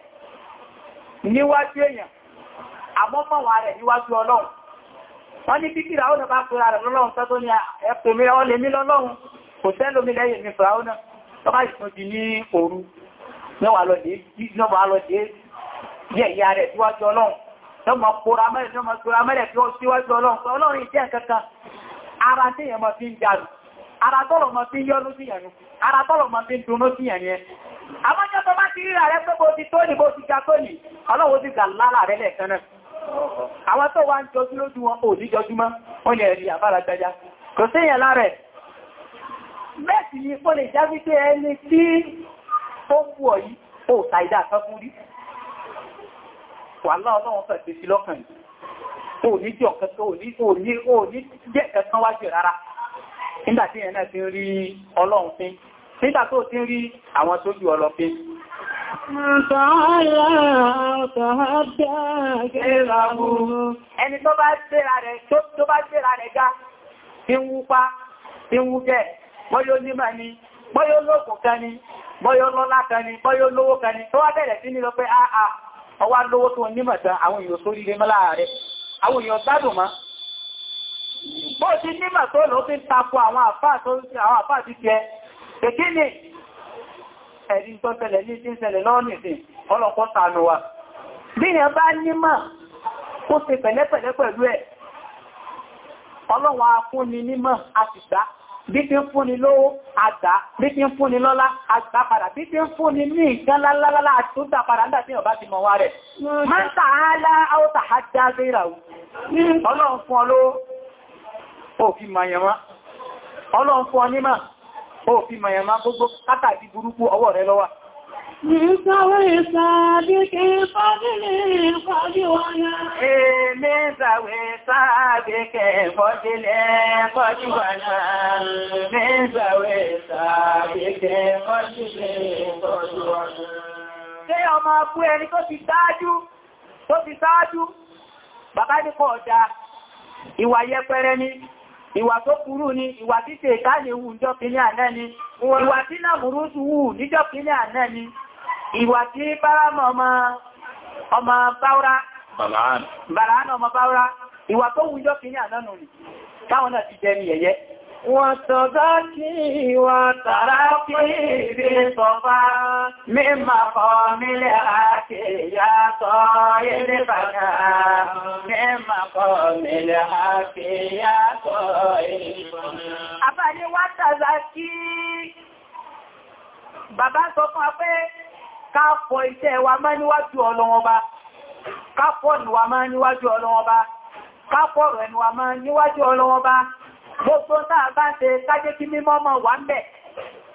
níwájú èèyàn àmọ́ mọ̀wà rẹ̀ níwájú ọlọ́run wọ́n ní bí kìrà ọ́nà bá pèrà rẹ̀ lọ́lọ́run tẹ́ tó ní ẹ̀pẹ̀ mi ọ́ lè mí lọ́lọ́run kò tẹ́lómi lẹ́yìn mi fìrà ọ́nà tó bá ìsúnjì ní òru mẹ́wàá lọ́dẹ̀ẹ́ yẹ̀yà rẹ̀ síwájú ọlọ́run lọ́mọ pòrà mẹ́rẹ̀ tí ó síwájú ọlọ́run ọlọ́run ara tọ́rọ̀ mọ́ sí yọ́nú sí ẹ̀nu ara tọ́rọ̀ mọ́ sí dúnú sí ẹ̀yẹn àmọ́jọ́ tó bá ti ríra rẹ pé bó ti tó ní bó ti ga tó ní ọlọ́wọ́ ti gà lára rẹ lẹ́ẹ̀kan náà àwọn tó wá ń jọjú lójú wọn ò ní jọjú mọ́ wọ́n ni ẹ̀rí àbára gbẹja kò sí èèyàn lára ẹ̀ bẹ́ẹ̀ sì ni kó lè já wípé ẹni tí ó fú ọ yìí ó ṣàìdá kan fún rí wà láọ́ náà wọ́n fẹ̀ pèsè lọ́kàn yìí ò ní jẹ́ ọ̀kẹ́kẹ́ ò ní jẹ́ ẹ̀kẹ́kan wájú rárá nígbà tí ẹ̀nà ti ń rí ọlọ́run fín nígbà tó ti ń rí àwọn tó jù ọlọ́ fín ẹni tó bá gbéra rẹ̀ tó bá gbéra rẹ̀ ga tí ń wúpa tí ń wúkẹ́ bọ́yọ́ nímọ̀ ni bọ́yọ́ lóògùn kan ni bọ́yọ́ lọ́lá kan ni bọ́yọ́ lówó kan ni tó wá bẹ̀rẹ̀ sí ní pé àà ọwá lówó tó nímọ̀ àwọn èèyàn sórí lé mọ́ láàárẹ̀ àwọn èèyàn gbádùn mọ́ bó ti nímà tó ló fi tako àwọn àfáà tó ń àwọn àfáà ti jẹ èkí ni ẹ̀rí tó tẹ́lẹ̀ ní tí ń ṣẹlẹ̀ lọ́nà ìsìn ọlọ́pọ̀ sànù wa bí i bá nímà kó ṣe pẹ̀lẹ́pẹ̀lẹ́ pẹ̀lú ẹ̀ ọlọ́wọ́ afúnni nímọ̀ àtìgbà bí ti ń fúnni lówó àgbà bí ti ń fúnni lọ́lá àgbà padà bí ti ń fúnni ní ìkan lálálálá àtúntà padà nígbà tí ọba ti mọ̀ wá rẹ̀. mọ́ta àálá ọlọ́run fún ọlọ́wọ́ òfin mayẹ̀má ọlọ́run fún ọnímà òfin mayẹ̀má gbogbo kátàkì burúkú ọwọ́ rẹ lọ́wà Ṣé ọmọ akú ẹni tó ti dájú, tó ti sáájú, bàbá ní kọ̀ ọ̀dá, ìwà ni, ìwà tó burú ni ìwà tí ṣe ìkáàlè wù níjọ́ kìíní àná ni ìwà tí náà burú sí wù níjọ́ kìíní àná ni ìwà tí báramọ̀ ọmọ báwúrá bàrán ọmọ báwúrá ìwà tó wù níjọ́ kìíní àná nù ni táwọn náà ti jẹ́ ni yẹ̀yẹ́ وتذكي وترقي بصفا من مقام الحق يا طائر بكا من مقام الحق يا طائر بكا أفني وتذكي Bàbá sọ fún afẹ́ ká fọ iṣẹ́ wa máa níwájú Ọlọ́run ba, ká fọ́ ìwà máa níwájú Ọlọ́run ba, ká wa máa níwájú Ọlọ́run Gbogbo náà bá ṣe kájé kí mímọ́ mọ̀ wà ń bẹ̀.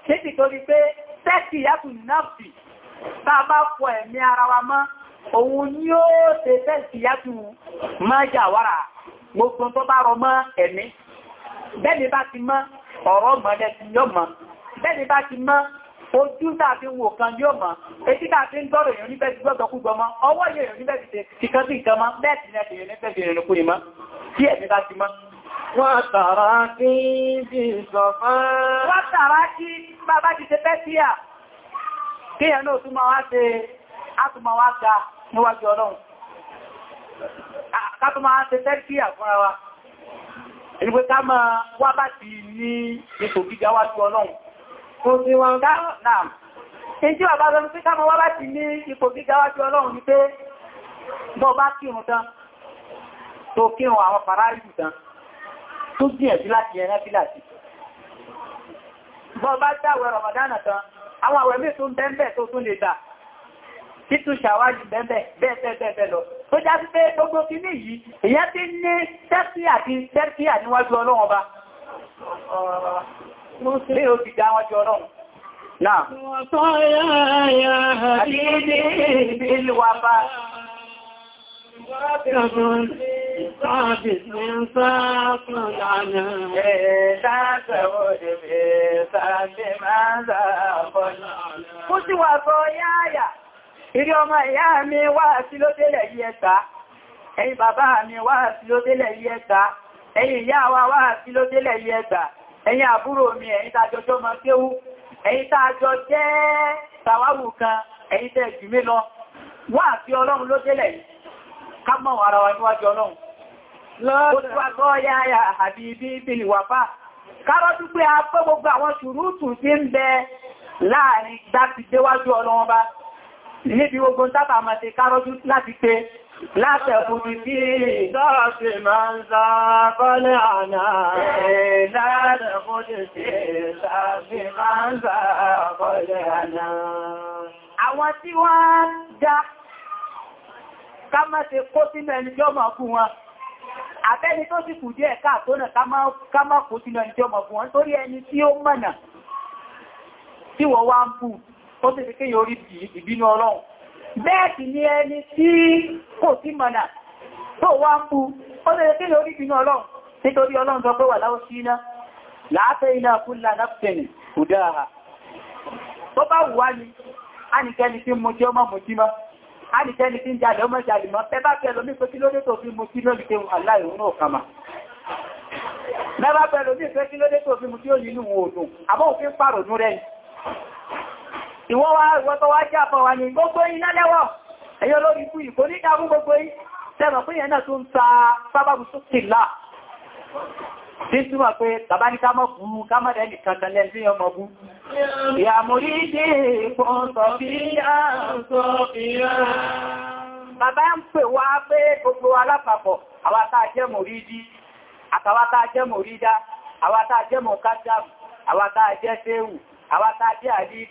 Ṣébì torí pé tẹ́kì yàtù náàfì tá bá fọ ẹ̀mí ara wa mọ́, òun ni ó ṣe tẹ́kì yàtù mọ́ jàwárà gbogbo tó bá rọ mọ́ ẹ̀mí. Bẹ́ẹ̀ni bá ti mọ́ ọ̀rọ̀ mọ́lẹ̀ ti yọ mọ́. Bẹ́ẹ̀ni bá ti mọ́ ojú tàbí wò kan yóò mọ́, etí tàbí ń gbọ́rọ̀ èèyàn níbẹ̀ ti gbọ́dọ̀ kú gbọmọ́, ọwọ́ èèyàn níbẹ̀ tí ẹ̀mí bá ti mọ́. Wátàrá kí bí sọfá. Wátàrá kí bàbá ti ṣe fẹ́ sí à. Kí ẹ̀ náà túnmọ̀ wá ṣe, á túnmọ̀ wá ga níwájú ọlọ́run. Ká túnmọ̀ wá ṣe fẹ́ sí à wa. Ìgbé ká máa wá bá ti ní ipò gíga wájú ọlọ́run. Mo ti wọn dá náà. Ìjí bàbá ni pé bọ́ bá kírun tán, tó kírun àwọn tó gbìyànjú láti ẹran fílàsì bọ́ bá dáwẹ̀ Ramadana tán àwọn àwẹ̀ mẹ́ tó ń bẹ́ẹ̀ tó tún lè gbà títù ṣàwájú bẹ́ẹ̀ bẹ́ẹ̀ lọ tó já sí pé gbogbo kí ní yìí èyàn tí ní tẹ́kì àti tẹ́kì níwájú ọlọ́run ọba كمن ثابت wà sọ yáyà, ìrí ọmọ ìyá mi wá sí ló délẹ̀ yí ẹta, ẹ̀yin bàbá mi wá sí ló délẹ̀ yí ẹta, ẹ̀yin ìyá wa wá sí ló délẹ̀ yí ẹta, àbúrò mi kéwú, tàjọ jẹ́ kan, tẹ́ lọ, wá sí ọlọ́run ló délẹ̀ ká mọ̀ ara wa níwájú ọlọ́run Kárọ́ dúpẹ́ afẹ́ gbogbo àwọn ṣùrútù tí ń bẹ láàrin láti déwájú ọlọ́wọ́n bá níbi gbogbo sábà máa ṣe kárọ́ dú láti pé láti ẹ̀kùnrin bí ìdọ́ọ̀ṣe máa ń sá kọ́lẹ̀ àná Àwọn tí wọ́n dá ká má ṣe kó sínú ẹni tí ó máa fún wọn àbẹ́ni tó sì kù díẹ̀ káàtó náà ká má kó sínú ẹni tí ó máa fún wọn torí ẹni tí ó mọ̀nà tí wọ́n wá ń bù ó sì fi kéyàn orí ìbínú ọlọ́run ni ẹni tí kò sí mọ̀nà tó wá ń bù ó sì fi kéyàn orí ìbínú ọlọ́run nítorí ọlọ́run sọ pé wà láwọ́ sí iná láàfẹ́ iná kúlà náfẹ́ni bá wù ni a nìkẹ́ni tí mo jẹ́ ọmọ mọ̀ sí máa a lè tẹ́ni tí ń jalè ọmọ jalè mọ́ tẹ́bá pẹ̀lú mí pé kí ló dé tó fi mú kí ló lè tẹ́ aláìrún náà kama mẹ́bá pẹ̀lú mí pé kí ló dé tó fi mú kí ó nínú òòdùn àbọ́ òfin pàrònú rẹ̀ ìwọ́n wá ìwọ́n tó wá jẹ́ àpọ̀ wà ní gbogbo iná lẹ́wọ̀ ẹ̀yọ́ lórí ikú ìkó ní ìdàmú gbogbo yìí tẹ́mọ̀ pé yẹn náà tó ń ta sábàbù sókè láà tí tí wà pé tàbá ní kámọ́ fún kámọ́dẹ̀ ní kàtàlẹ̀ sí ọmọ bú. ìyàmòrí fún sọ̀fíà sọ̀fíà. bàbá ń pè wá pé gbogbo alápapọ̀ àwátá jẹ́ mòrídí àtàwátá jẹ́ mòrídá àwátá jẹ́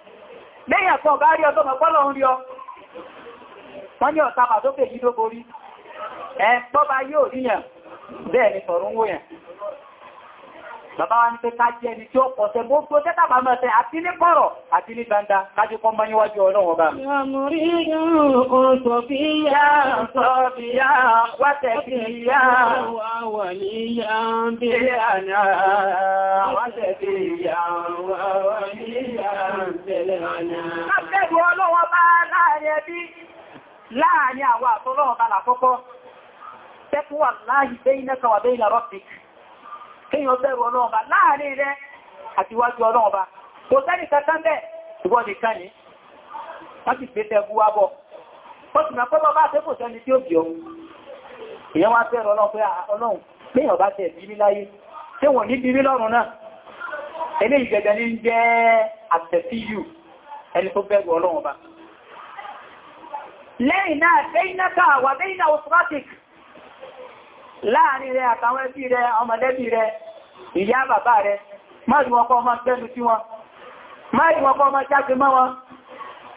lẹ́yìn àpọ̀ bá rí ọdọ́ mọ̀pọ́lọ̀ ń rí ọ wọ́n ní ọ̀tàbà tó pè yí borí ẹ̀ tọ́ba yóò ríyàn bẹ́ẹ̀ ni sọ̀rọ̀ ń wòyàn bàbá wa ní pé ká jẹ́ ẹni tí ó pọ̀sẹ̀ gbogbo tẹ́tàbà mẹ́sẹ̀ àti ní pọ̀rọ̀ àti ní gbangba kájú kọ́ mọ́ níwájú ọlọ́wọ́ bá Láàrin àwọn àtọ́lọ́wọ́ kan àkọ́kọ́, tẹ́kùwà láàrin bẹ́ inẹ́kọ̀wà bẹ́ ilẹ̀ kéèyàn bẹ̀rù ọlọ́ọ̀ba láàrin rẹ àti wájú ọlọ́ọ̀ba kò sẹ́ni kankan bẹ́ẹ̀ ìwọ́n nìkan ni wọ́n bọ̀ wọ́n ti mẹ́kọ́ lọ́ba àti kò sẹ́ni tí ó bì ọ́n èèyàn wá bẹ̀rù ọlọ́run lẹ́yìn náà lẹ́yìn wà lẹ́yìn náà láàrin rẹ àtàwọn ẹbí rẹ ọmọdébí rẹ ìyá bàbá rẹ máàrùn ọkọ̀ ọmọ gbẹ́nu sí wọn máàrùn ọkọ̀ ọmọ jágbe mọ́ wọn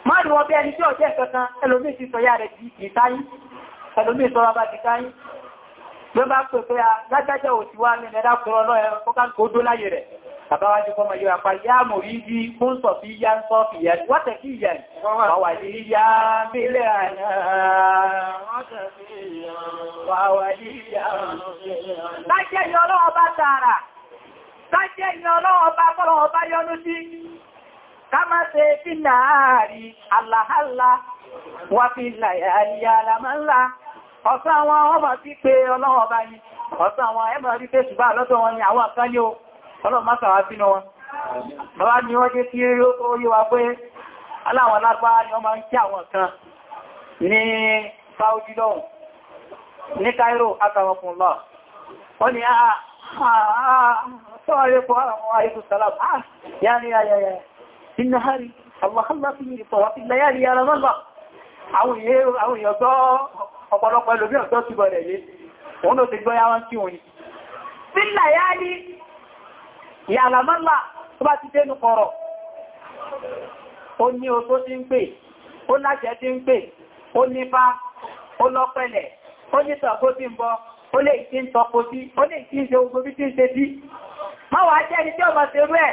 máàrùn ọbẹ̀ ẹni tí ọjẹ́ kankan ẹlòmí ti sọ yá rẹ̀ di ìtáyí ẹlòmí sọ bàbá di táyí gbé bá pè pé a lájájẹ́ òsìwá ní ẹ̀dá kúrọ lọ́ẹ̀ àbáwájú kọ́ mọ̀ yóò apá yá mò rí bí kó ń sọ fi yá ń sọ fi yá wọ́tẹ̀ kí ìyá wàwà ní yá bílẹ̀ àyà wàwà ní yá lájẹ́ ìyọ́ ọlọ́wọ́ bá tààrà lájẹ́ ìyọ́ ọlọ́wọ́ bá fọ́lọ́wọ́ bá yọ́nú sí ká má ọ̀sán àwọn ọmọ sí pé ọlọ́wọ́ bá ọ̀sán àwọn ẹmọ̀ rí pé ṣùgbà lọ́dọ̀ wọn ni àwọn àkányó ọlọ́run máa sàwá sínú wọn bàbá ni wọ́n jẹ́ kí ó yí wa pé aláwọn alágbára ni wọ́n máa ń kí àwọn kan ní Saudi lọ́hùn ní Cairo akàwọ̀kùnlọ́ wọ́n ni ah, ah, sọ́ọ̀rẹ́kọ́ ah, àwọn àìsù sàlámù ah hari allahallá fi ìrìpọ̀ wà fi layari yára mọ́lá àwọn èèyàn gbọ́ ọ̀pọ̀lọpọ̀ ẹlòmí ọ̀tọ́ ti bọ̀rẹ̀ yìí òun ló ti gbọ́ yá wọ́n kí òun ni ìyàlàmọ́lá tó bá ti dénú kọ̀rọ̀ ó ní o tó ti ń pè ó láṣẹ ti ń pè ó nípa ó lọ́pẹ̀lẹ̀ ó ní sọ̀kó tí ń bọ ó lè tí ń tọpo sí ó lè tí ń ṣe ogun bí tí ń ṣe wà jẹ́ ẹni tí ọmọ ṣe rú ẹ̀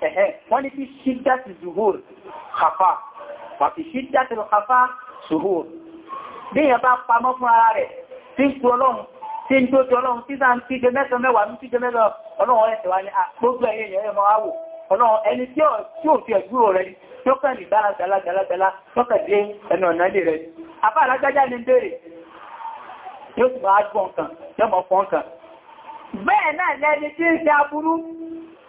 wọ́n ní fi ṣídá ti zuhur kàfà wàfi ṣídá ti kàfà zuhur bí èèyàn bá pamọ́ fún ara rẹ̀ tí ń kú ọlọ́run tí ń tó ti ọlọ́run tí sáà ń tíje mẹ́sàn mẹ́wàá ń tíje mẹ́sàn ọlọ́run ọ̀rẹ́ tẹ̀wá ní àpógbó ẹ̀yẹ̀ ẹ̀mọ́ àwò ọlọ́run ẹni tí ó fi ẹ̀dúró rẹ̀ tó kàn ní bára gbalagbalagbala tó kàn dé ẹnu ọ̀nà ilé rẹ̀ àbá alágbájá ni béèrè yóò sì máa gbọ́n kan yọ́mọ̀ fọ́n kan bẹ́ẹ̀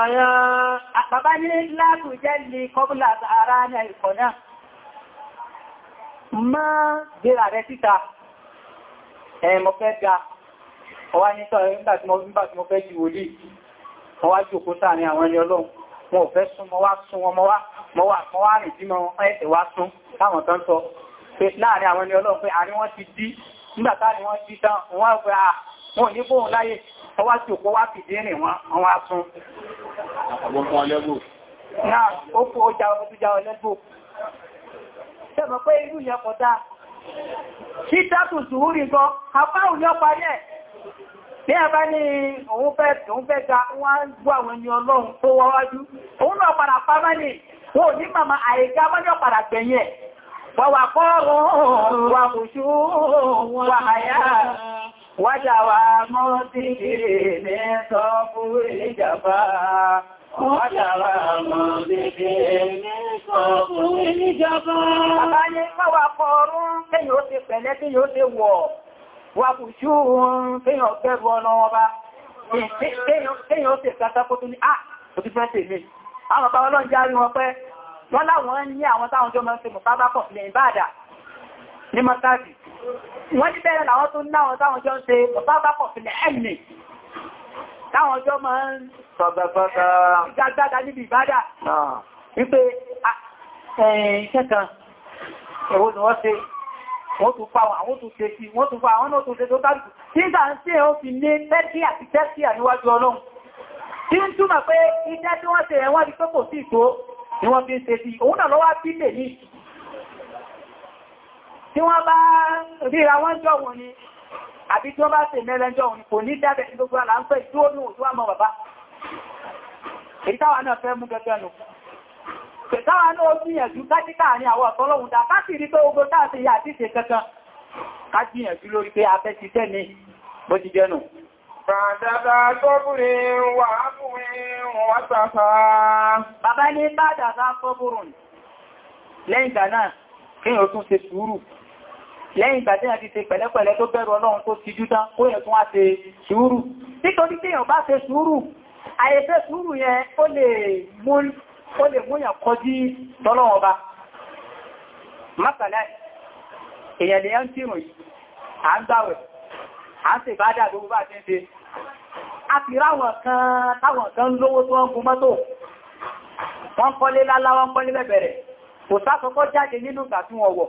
Ah, bàbá ní látù jẹ́ lè kọbùlà ara ní ẹ̀kọ̀ náà. Má gbéra rẹ̀ síta, ẹ̀mọ̀ fẹ́ ga, ọwá mo fẹ́ jí wòlí, ọwá jí òkú sáà ní àwọn ẹni ọlọ́run, wọn ò fẹ́ sún mọ́ wá sún wọn mọ́ wá rìn tí mọ́ ẹ̀ẹ̀ẹ̀ wá sún láwọn tán sọ láàrin àwọn ẹni ọlọ́run pé àrí wọ́n ti dí, nígbàtá ni wọ́n ti tán, wọ́n ọwá sí òpó wá fìdí rìn wọn àwọn asún ọgbọ̀n ọlẹ́gbò náà ó ọjà ọdújá ọlẹ́gbò tẹ́mọ̀ pé irú yẹn kọ̀ dáa sí tátù sùúrì gan apáhùn ní ọpa yẹ́ bí a bá ní òun fẹ́ òun fẹ́ ga wọ́n ń gbọ́ àwọn ẹni ọlọ́run tó wọ́wájú òun náà padà pa mẹ́lì wọ́n ò ní màmá àìgá wọ́n ọ̀rọ̀ Wájàwà mọ́ sí kìrì ní sọ fún ìjàfà. Wájàwà mọ́ sí kìrì ní sọ fún ìjàfà. Bàbá ní pàwà fọ́rún tí yóò ti pẹ̀lẹ́ tí yóò ti wọ̀. Wà kù ṣú oòrùn tí yóò kẹ́ bọ́ lọ ọba. Tí yóò ti kàtàkó ní, ah, tó ti fẹ́ tèmi. Àwọn àwọn ní masáàdì wọ́n ti bẹ̀rẹ̀ làwọn tó náwọn táwọn jọ ṣe bàbá fìlẹ̀ ẹ̀mì táwọn jọ máa ń sọ̀gbẹ̀fẹ́ta ìgbàgbàdà níbi ìbádà ah. tí ń ṣe pé iṣẹ́ tí wọ́n ṣe ẹ̀wọ́n di pé sí ìtó ni wọ́n fi ń ṣe sí òun náà lọ́wọ́ bí lè ní tí wọ́n bá ríra wọ́n jọ wọn ni àbí tí wọ́n bá ṣe mẹ́rẹ jọ wọn kò ní dábẹ̀ ní gbogbo àlà ń pẹ́ tí ó ní òtú àmọ́ bàbá èyí táwa náà fẹ́ mú gẹ́gẹ́ nù pẹ̀táwa náà gbìyànjú kájíkà ní àwọn ọ̀tọ́lọ́hun dá káàkì rí pé ogun táà ti yà àti ìṣe kankan ká gbìyànjú lórí pé abẹ́ ti tẹ́ ní bó ti jẹ́nu Bàdàdà sọ́bùnrin wà ápùnrin wọ́n sàfà. Bàbá ní bàdàdà sọ́bùnrin lẹ́yìn ìgbà náà kí lẹ́yìn ìgbà tí a ti ṣe pẹ̀lẹ́pẹ̀lẹ́ tó bẹ̀rù ọlọ́run tó ti júdá ó yẹ tún wá se sùúrù nítorí tí èèyàn bá ṣe sùúrù àyẹ̀fẹ́ sùúrù yẹn ó lè múyàn kọjí tọ́lọ́run ọba mọ́sàlẹ̀ èèyàn lè yán kírùn à ń gbàwẹ̀ à ń ṣe ìbádà gbogbo bá ti ń ṣe a ti ráwọn kan táwọn kan lówó tó ń gun mọ́tò wọ́n kọ́lé lálá wọ́n kọ́lé bẹ̀bẹ̀rẹ̀ kò sáfọ́kọ́ jáde nínú ìgbà tí wọ́n wọ̀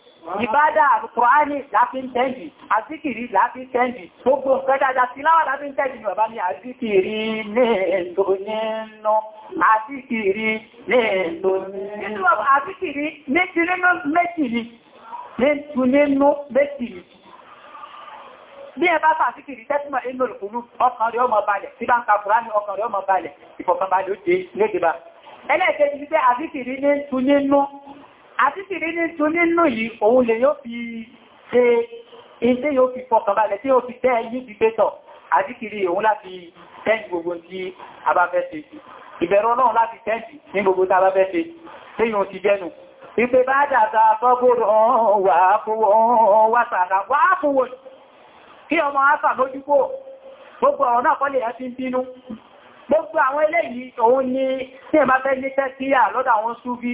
ìbádà àkùránì láti ń tẹ́jì àzíkìrí láti ń tẹ́jì gbogbo nǹkan dáadáa sí láwà láti ń tẹ́jì bàbá ní àzíkìrí ní ètò nínú àzíkìrí ní ètò nínú àzíkìrí méjì nínú méjì ní ètò nínú méjì ní bí ẹ bá fàzíkìrí tẹ́tùmọ̀ inú ìkùnú ọkàn rẹ̀ ọmọ balẹ̀ tí bá ń ka kùránì ọkàn rẹ̀ ọmọ balẹ̀ ìfọ̀kànbalẹ̀ ó dé lé àti tìrí ní tún nínú yìí òun lè yóò fi ṣe ilé yóò fi fọkànbalẹ̀ tí ó fi tẹ́ yí ti pẹ́tọ̀ àti kiri òun láti tẹ́jì gbogbo tí a bá fẹ́ ṣe ìbẹ̀rù Ọlọ́run láti tẹ́jì ní gbogbo tí a bá fẹ́ ṣe tí yóò ti jẹ́nu ìpé bá dàta fọ́gbòrò wà fúwò wà sàdà wà fúwò kí ọmọ gbogbo ti ń àwọn eléyìí òun ni tí ẹ bá fẹ́ ní tẹ́síyà lọ́dọ̀ àwọn súfí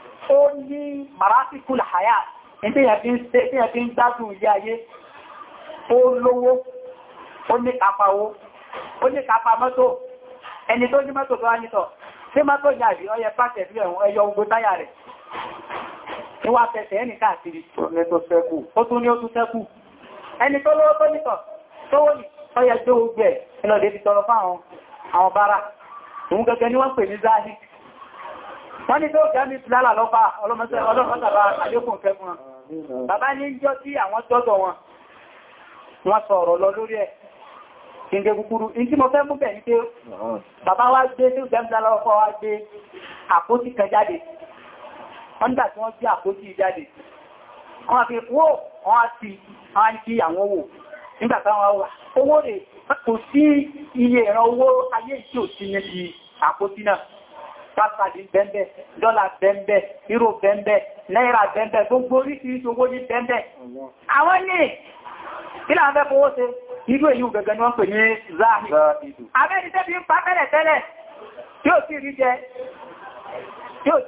ó ní marasikul haya tí yẹn fi ń gbádùn ilé ayé ó lówó ó ní kápá owó ó ní kápá mọ́tò ẹni tó ní mọ́tò tó wá nítọ̀ tí mọ́tò ní àbí ọyẹ pàtẹ̀ sí ẹ̀wọ̀n ẹyọ ogun táyà rẹ̀ ní wá pẹ̀sẹ̀ ẹni káàkiri ó tún ní ó tún sẹ́kù ẹni tó lówó tó nítọ̀ tó wó ní ọyẹ tó gbẹ̀ ẹlọ́dẹ̀ ti tọrọ fáwọn àwọn bára òun gẹ́gẹ́ ni wọ́n pè ní záhìkì wọ́n ní tó gẹ́mí sílálà lọ́pàá ọlọ́mọ́sàbà àlékùn bàbá ní jọ tí àwọn tọ́tọ̀ wọn wọ́n sọ ọ̀rọ̀ lọ lórí ẹ̀ kí n wọ́n fi wó wọ́n ti wọ́n àwọn wò nígbà táwọn wà owó rẹ̀ kò sí iye ìran owó ayé ìṣòsí níbi àpótí náà pàtàkì bẹ́ẹ̀bẹ́ dọ́là bẹ́ẹ̀bẹ́ euro bẹ́ẹ̀bẹ́ náírà bẹ́ẹ̀bẹ́ gbogbo oríṣiríṣi owó ní bẹ́ẹ̀bẹ́ àwọn ní ilẹ̀ àwọn fẹ́fọwọ́ ṣe irú èyí gẹ̀gẹ̀ ni wọ́n pè ní zahid abẹ́ni tẹ́bí ń pa tẹ́lẹ̀ tẹ́lẹ̀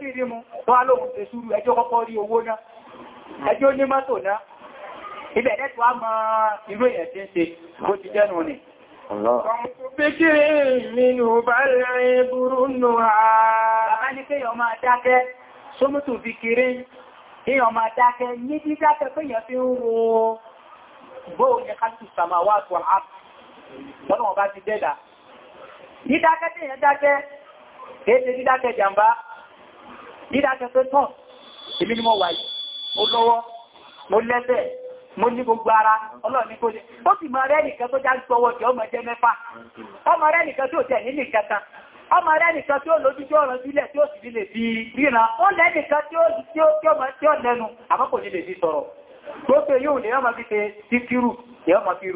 tí ó mu tó alóhun ṣe sùúrù ẹjọ́ kọ́kọ́ rí owó náà ẹjọ́ ní mọ́tò náà ibẹ̀ lẹ́tọ̀ọ́ ni Bíkírí mínú bá rẹ̀ burú nù ha. Bàbá ní pé ọmọ adákẹ́, sómútù bíkírí, ní ọmọ adákẹ́ ní dídákẹ́ pé yẹn fi ń wo bóò ní kásù sàmàwà tó àpù. Lọ́nà ọba ti dẹ́dà. Dídákẹ́ tí yẹn dákẹ́, kéèdè dídákẹ́ jàmbá, dídákẹ́ tó tàn, èmi ni mo wà yìí, mo lọ́wọ́, mo lẹ́bẹ̀ẹ́ mo ní gbogbo ara ọlọ́run ní kó jẹ́ ó sì mọ rẹ́ nìkan tó ọ ń sọ wọ́jọ́ ọmọ jẹ́ mẹ́fà ọmọ rẹ́ nìkan tó tẹ̀ nílì kankan ọmọ rẹ̀ nìkan tí lójú tí ó rán sílẹ̀ tí ó sì nílè ó lẹ́ nìkan tí ó lẹ́nu nílè fi sọ̀rọ̀ tó pé yóò lè ọmọ fi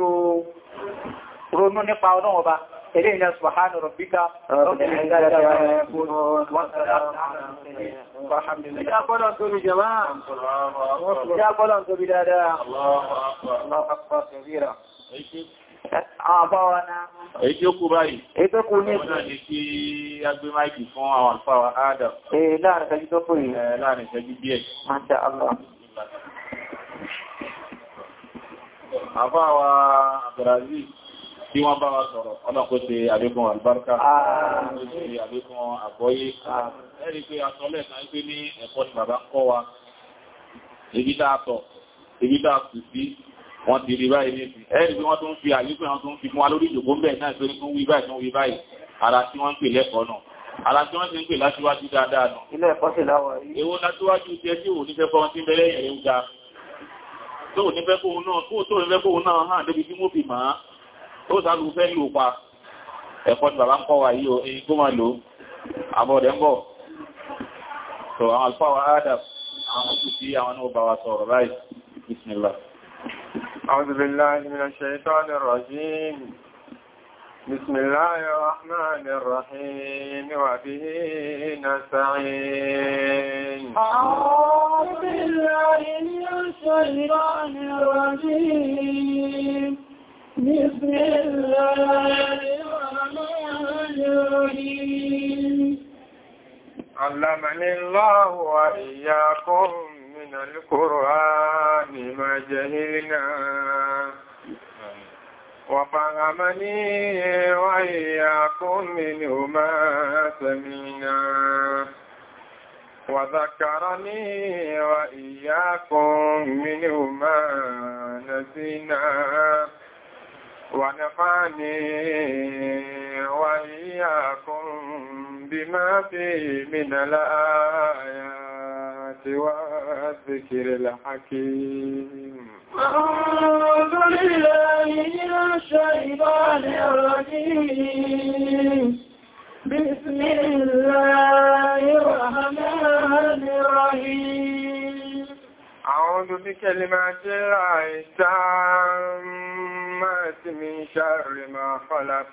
lè إلينا سبحان ربك رب العزة عما يقولون والسلام على المرسلين والحمد لله يا قولان تبي جماعة يا قولان تبي دادا الله أكبر الله أكبر كبيرا Àbáwana. Èyí ó kú báyìí. Èyí tó kú ní ìsìn. Wọ́n náà kí agbé máìkì fún àwọn àlfàwà Adam. Èyí láàrin ìṣẹ́jú tó kú yìí. Láàrin ìṣẹ́jú díẹ̀. Masha Allah. Àbáwa Abdulaziz tí wọ́n bá wa sọ̀rọ̀ ọlọ́kọ́ ṣe àlékún àlùbáríkà ṣe àlékún àgbọ́yé ẹ̀rí pé asọ́lẹ̀ náà gbé ní ẹ̀kọ́ ni bàbá kọ́ wa ibi dáàtọ̀ ibi dáàtù sí wọ́n ti rí báyìí nìsí ẹ̀rí pé wọ́n tó ń fi àlékún àwọn tó ń fi fún wa lórí ìjòkó ń bẹ̀ náà pé tó ń wí báyìí tó ń wí báyìí ara tí wọ́n ń pè lẹ́kọ̀ọ́ náà ara tí wọ́n ti ń pè láṣíwájú dáadáa nù ilé ẹ̀kọ́ sì láwọ̀ yìí èwo láṣíwájú ti ẹjí ò nífẹ́ fọ́n tí ń bẹ̀rẹ̀ ẹ̀yẹ̀ ń ga tó nífẹ́ kóhun náà hàn débi tí mo fi máa ó sáré fẹ́ lò pa ẹ̀kọ́ tí bàbá ń kọ́ wa yíò èyí tó máa lò àbọ̀dẹ̀ ń bọ̀ so àwọn alfáwà adam àwọn tó tí àwọn náà bá wa sọ̀rọ̀ láì bismillah بسم الله الرحمن الرحيم علمني الله وإياكم من القرآن ما جهلنا وفهمني وإياكم منه ما سمينا وذكرني وإياكم منه ما نسينا ونفعني وإياكم بما فيه من الآيات والذكر الحكيم أعوذ بالله من الشيطان الرجيم بسم الله الرحمن الرحيم أعوذ بكلمات الله التام النماس من شر ما خلق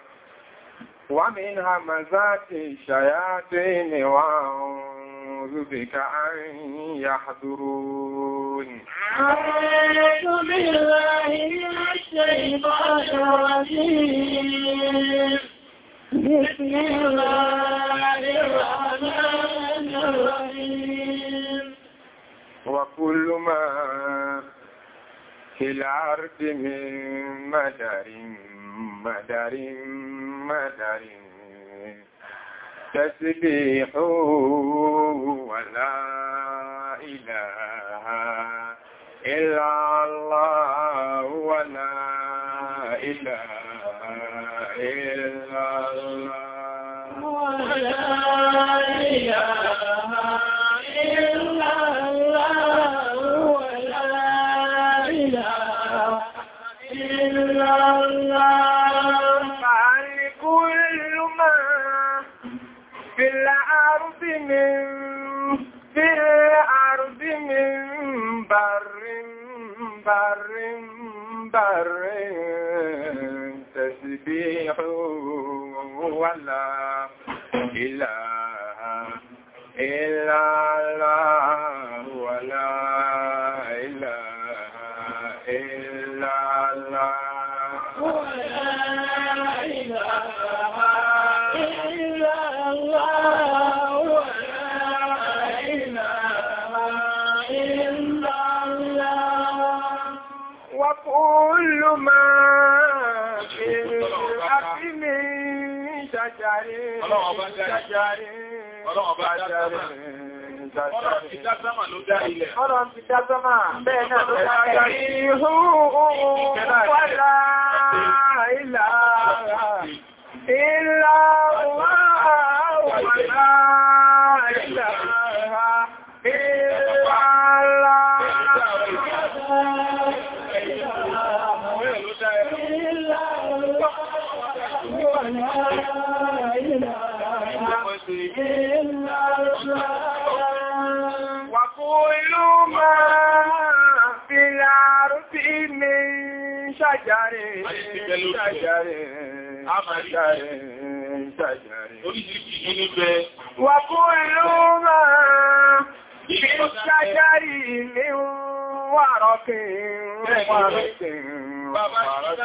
ومن همزات الشياطين وأعوذ بك أن يحضرون أعوذ بالله من الشيطان الرجيم بسم الله الرحمن الرحيم وكل ما في العرض من مدر مدر مدر تسبيح ولا إله إلا الله ولا إله إلا الله ولا إله dá sámà ló dá ilẹ̀. Ọlọ́run ti dá sámà bẹ́ẹ̀ náà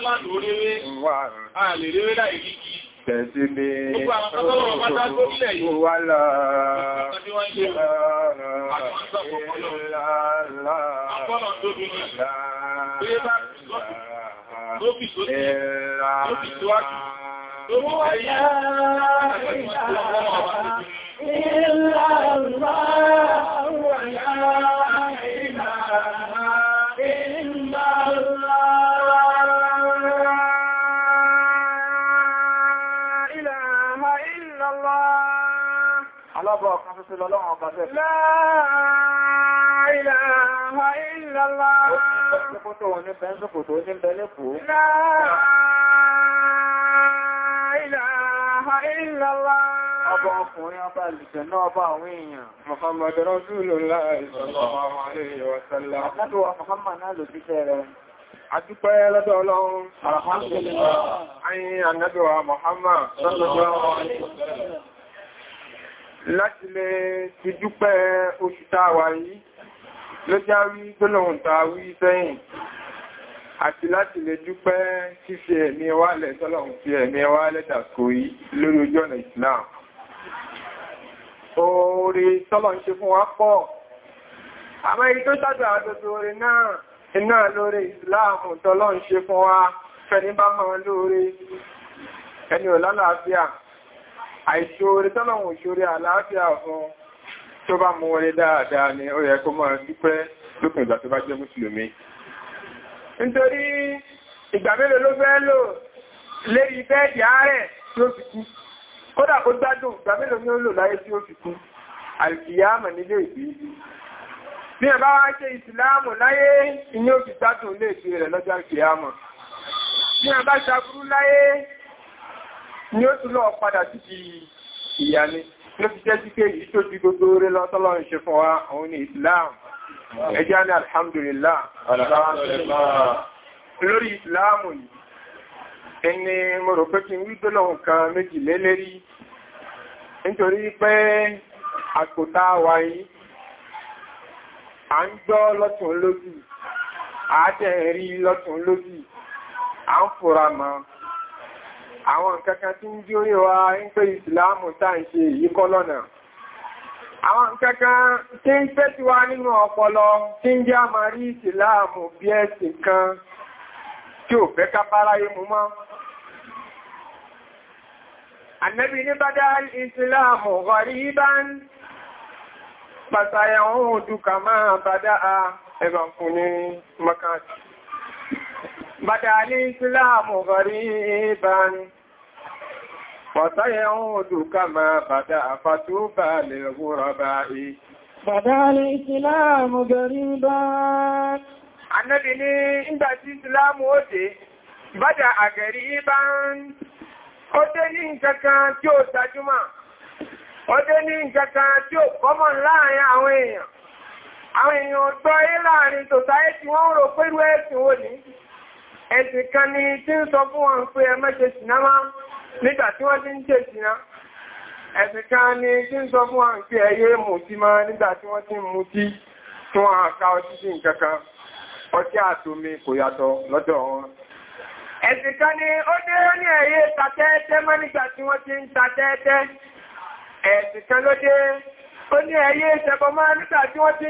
má lò rere a lè rere láì rí kí tẹ̀sí bí gbogbo àwọn tọ́lọ̀rọ̀ pátá gómìnà yìí wà láàá Ìlàrá àwọn ìlàrá ọlọ́bọ̀ ọ̀kan ṣoṣo lọ́lọ́run ọba fẹ́. La ilaha illallah. Ó ti pẹ́ tó wọn ní Bẹ́ńsùkù tó ní Bẹ́lẹ́kù. La ilaha illallah. Ọba ọkùnrin ọba lìjẹ̀ náà ọba àwọn èèyàn. Muhammad Rasulullah sallallahu alaihi wa sallam. Àtàdùwà Muhammad náà lò jíṣẹ́ rẹ̀. Àdúpẹ́ lọ́dọ̀ Ọlọ́run, àràfáàsì lè lọ́wọ́. Àyìn ànádùwà Muhammad sallallahu alaihi wa sallam láti lè ti dúpẹ́ oṣù táwà yìí ló já wí gbọ́lọ̀hùn tàwí sẹ́yìn àti láti lè dúpẹ́ fífi ẹ̀mí wa lẹ̀ tọ́lọ̀hùn fi ẹ̀mí wa lẹ́dàkò lórí ojú ọ̀nà Islam oore tọ́lọ̀ ń ṣe fún wa pọ̀ àmọ́ èyí tó ṣàjọ àdòdò oore náà iná lóore Islam tọ́lọ̀ ń ṣe fún wa fẹ́ni bá mọ́ lóore ẹni ò lálàáfíà àìṣòrí tọ́lọ̀wọ̀n ìṣòrí àlàáfíà fún tó bá mú wọlé dáadáa ni ó yẹ kó máa dúpẹ́ lókùn ìgbà tó bá jẹ́ mùsùlùmí nítorí ìgbà mélòó ló fẹ́ lò lérí bẹ́ẹ̀dì ààrẹ tí ó fi kú kódà kó gbádùn ìgbà mélòó ni ó lò láyé tí ó fi kú àìkìyàmọ̀ nílé ìbí ní ẹ̀bá wá ṣe ìsìláàmù láyé ìní ó fi gbádùn lé ìbí rẹ̀ lọ́jọ́ àìkìyàmọ̀ ní ẹ̀bá ṣàkúrú láyé ni ó tún lọ padà sí ti ìyà ni ló fi jẹ́ sí pé èyí tó gbogbo rẹ̀ lọ́tọ́lọ́ ṣe fún òun ni Islam ẹjá ní alhamdulillah lórí Islam ni ẹni mo rò pé kí n wígbé lọ́wọ́ kan méjì lélẹ́rí nítorí pé àkótá wa yìí à ń gbọ́ lọ́tún lójú àádẹ́rí lọ́tún lójú à ń fòra mọ́ àwọn nǹkankan tí ń jí orí wa ń pé ìsìláàmù tá ń ṣe èyí kọ́ lọ́nà àwọn nǹkankan tí ń pẹ́ ti wá nínú ọpọlọ tí ń jẹ́ àmà rí ìsìláàmù bí ẹ̀sìn kan tí ò fẹ́ ká báráyé mú mọ́ Ànábì ní bádá ìsìláàmù ghariban pàtàyà ohun òdúkà máa bádá a ẹgbà fún ghariban فسيعود كما بدأ فتوبى للغرباء بدأ الإسلام tí Ìsìlámù ó dé, bádà àgẹ̀rí bá ń ó dé ní nǹkankan tí ó àwọn èèyàn. tí wọ́n rò pẹ̀lú ẹ̀sìn ní. kan tí ń sọ fún wọn pé ẹmẹ́ṣe sinamá. nígbà tí wọ́n ti ń jẹ́ ìsìná ẹ̀sìn kan ni tí ń sọ fún àǹkí ẹyẹ mú tí máa nígbà tí wọ́n ti ń mú tí tí wọ́n àká ọtí sí nǹkankan ọtí àtomi kò yàtọ̀ lọ́dọ̀ wọn ẹ̀sìn kan ni ó dé ní ẹyẹ tatẹ́ẹ́tẹ́ mọ́ nígbà tí wọ́n ti ń tatẹ́ẹ́tẹ́ ẹ̀sìn kan ló dé ó ní ẹyẹ ìṣẹ́bọ máa nígbà tí wọ́n ti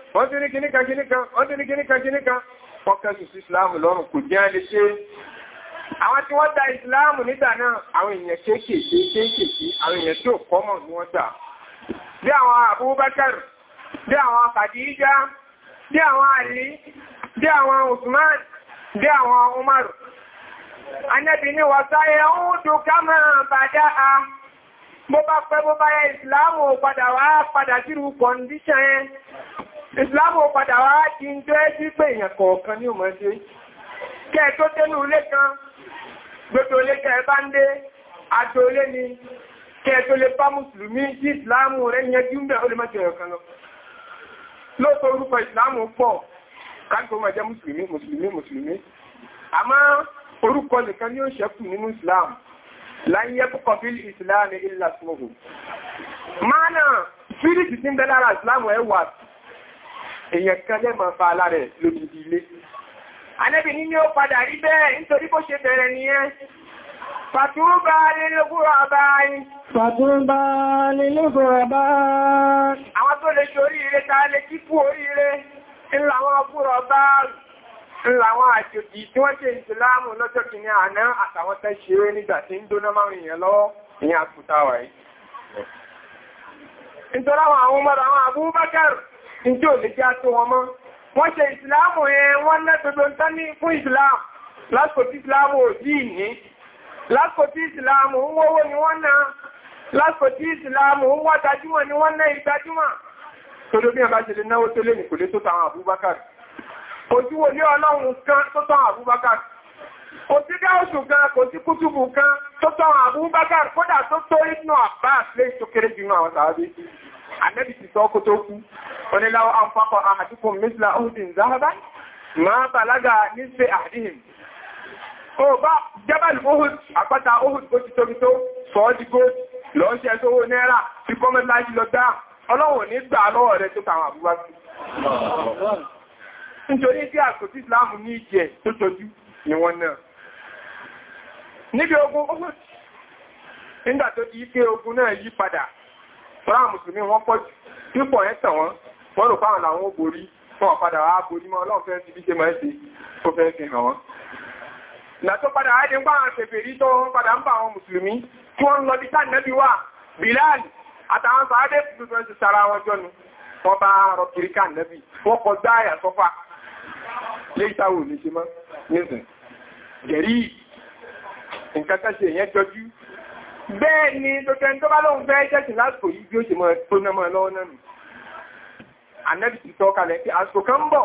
wọ́n ti ní kíníkà kíníkà wọ́n ti ní kíníkà kíníkà fọ́kẹ́sù sí ìsìláàmù lọ́rùn kò jẹ́ alẹ́ ṣe àwọn tí wọ́n da ìsìláàmù nígbà náà àwọn èèyàn kéékèèké kéékèèké àwọn èèyàn tí ò kọ́mọ̀ ní wọ́n dà bí àwọn Abubakar bí àwọn Khadija bí àwọn Ali bí àwọn Usman bí àwọn Umar anẹ́bí ní wàsáyé ó dùn ká máa bàdá a bó bá pẹ́ bó bá yẹ ìsìláàmù padà wá padà sírù kọ̀ndíṣàn ìsìláàmù padà wá di ń jẹ́ sí pé èèyàn kọ̀ọ̀kan ní ọmọ ṣe kẹ́ tó tẹ́nu ilé kan gbogbo ilé kẹ́ bá ń dé àjò ilé ni kẹ́ tó lè bá mùsùlùmí sí ìsìláàmù rẹ̀ yẹnjú ń bẹ̀ ó lè mọ́ jẹ́ ọ̀kan lọ lóòtọ́ orúkọ ìsìláàmù pọ̀ káàkiri máa jẹ́ ni ó ṣẹ́kù nínú ìsìláàmù láyé púpọ̀ bí ìsìláàmù ilẹ̀ àtúnmọ̀ èèyàn kan lẹ́mọ̀ fa alára ẹ̀ lódìdí ilé anẹ́bì ní ní ó padà rí bẹ́ẹ̀ nítorí bó ṣe bẹ̀rẹ̀ nìyẹn fàtúrúbà lélógúrò àbáyìn fàtúrúbà lélógúrò àbáyìn àwọn tó lè ṣe oríire ta lè kíkú oríire ńlá àwọn ọkúrò báyìí ńlá àwọn àjòjì tí wọ́n ṣe ìsìláàmù lọ́jọ́ kìíní àná àtàwọn tẹ́ ṣe é nígbà tí ń dóná márùn èèyàn àwọn àwọn ọmọdé àwọn àbúbákẹ́rù tí ò lè jẹ́ àtó wọn mọ́ wọ́n ṣe ìsìláàmù yẹn wọ́n lẹ́gbẹ̀gbẹ̀ ń tán ní fún ìsìláàmù lásìkò tí ìsìláàmù ò sí ìní lásìkò tí ìsìláàmù ń wọ́wọ́ ni wọ́n náà lásìkò tí ìsìláàmù ń wá gbajúmọ̀ ni wọ́n náà ìgbajúmọ̀ tó ló bí àbájẹ́ lè náwó tó lè ní kò lè tó tàwọn Abubakar ojú wo ní ọlọ́run kan tó tàwọn Abubakar kò sí Ànábì ti sọ kó tó kú, oníláwọ́ àǹfàkọ̀ àhàdùkùn mísìlá òhùdìn záhábá, máa bàlágà níṣẹ́ àdíhìn. Ó bá Jabal Uhud, àpáta Uhud ó ti tóbi tó, sọ́ọ́ di góòdì, lọ́ọ́ṣẹ́ sówó náírà, ti kọ́mọ́lájì lọ dáa, ọlọ́wọ̀n ní gbà lọ́wọ́ rẹ̀ tó kàwọn ni wọ́n náà. Níbi ogun, ó nígbà tó ti ike ogun náà yí padà, fọ́nà mùsùlùmí wọ́n pípọ̀ wọ́n fáwọn fún ọ̀padà wá borí mọ́ ti bí ṣe máa ṣe tó fẹ́ fi hàn wọ́n padà ń àwọn ṣèfèrí tó ń padà ń àwọn mùsùlùmí tí wọ́n lọ bí sáàdínẹ́bí wà Bilal àtàwọn sàádé tuntun wọn jọnu wọ́n bá rọ bẹ́ẹ̀ ni gbogbo ẹni tó bá lóun fẹ́ jẹ́sìn lásìkò yìí bí ó ṣe mọ́ tónámọ́ lọ́wọ́ náà nù ànẹ́bì ti tọ́ kalẹ̀ pé àsìkò kan ń bọ̀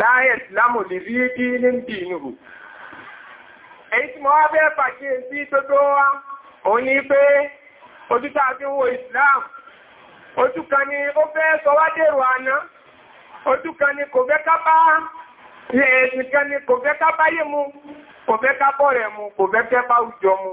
láàyè ìsìlámù lè rí bí ní ń bí inú islam ojú ni ó fẹ́ sọ wá ni kò fẹ́ kápá ẹ̀sìn kan ni kò fẹ́ kápáyé mu kò rẹ̀ mu kò fẹ́ kẹ́pá òjò mu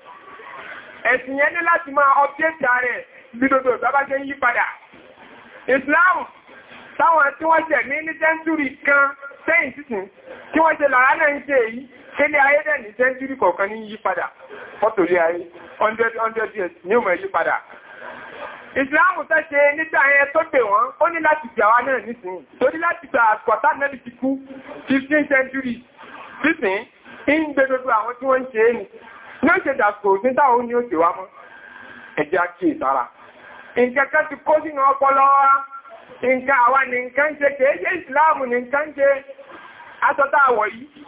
ẹ̀sìn yẹn ní láti máa update ààrẹ gbídodo ìgbàbájẹ́ yí padà Islam táwọn tí wọ́n jẹ̀ ní ní sẹ́ńtúrì kan sẹ́yìn títún kí wọ́n jẹ làrá náà ń ṣe èyí kéde ayé dẹ̀ ní sẹ́ńtúrì kọ̀ọ̀kan ní yí padà fọ́tòlé ayé 100 years ní òmò yí padà ìsìláàmù tẹ́ ṣe nígbà yẹn tó pè wọ́n ó ní láti gbà wá náà nísìn torí láti gbà àkọ̀tà náà ti kú 15th century sísìn ń gbé gbogbo àwọn tí wọ́n ń ṣe é yóò ṣe dàsò nígbà ó ní òṣèwá mọ́ ẹ̀jẹ̀ àkí ìsára nǹkan ti kó sínú ọpọlọ wa nǹkan àwa ní ṣe kèéṣe ìsìláàmù ní ṣe asọ́tà awa yìí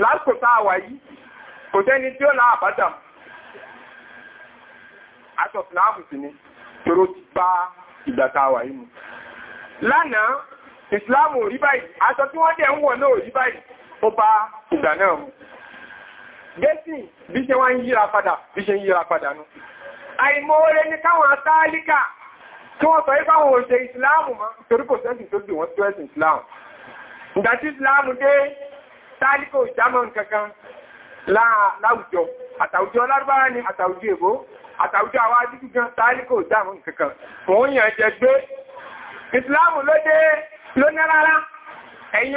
lásìkò yìí kò sẹ́ni tí ó láà ìsìláàmù bá awa rí báyìí aṣọ tí wọ́n ń wọ̀ náà rí báyìí ó gẹ́sìn bí ṣe wá ń yíra padà bí ṣe ń yíra padà nú àìmọ́ọ́rẹ́ ní káwọn atálíkà tí wọ́n sọ ipá wọn òṣè ìsìláàmù ma torí kò sẹ́sìn tó dì wọ́n tó ẹ̀sìn ìsìláàmù ìdájí ìsìláàmù dé tálíkà ìjámọ̀ kankan láwùjọ àtàwùjọ lárúbáwá ni àtàwùjọ èbó àtàwùjọ àwọn adíjú gan tálíkà ìjámọ̀ kankan wọ́n yàn jẹ gbé ìsìláàmù ló dé lónìí rárá ẹ̀yin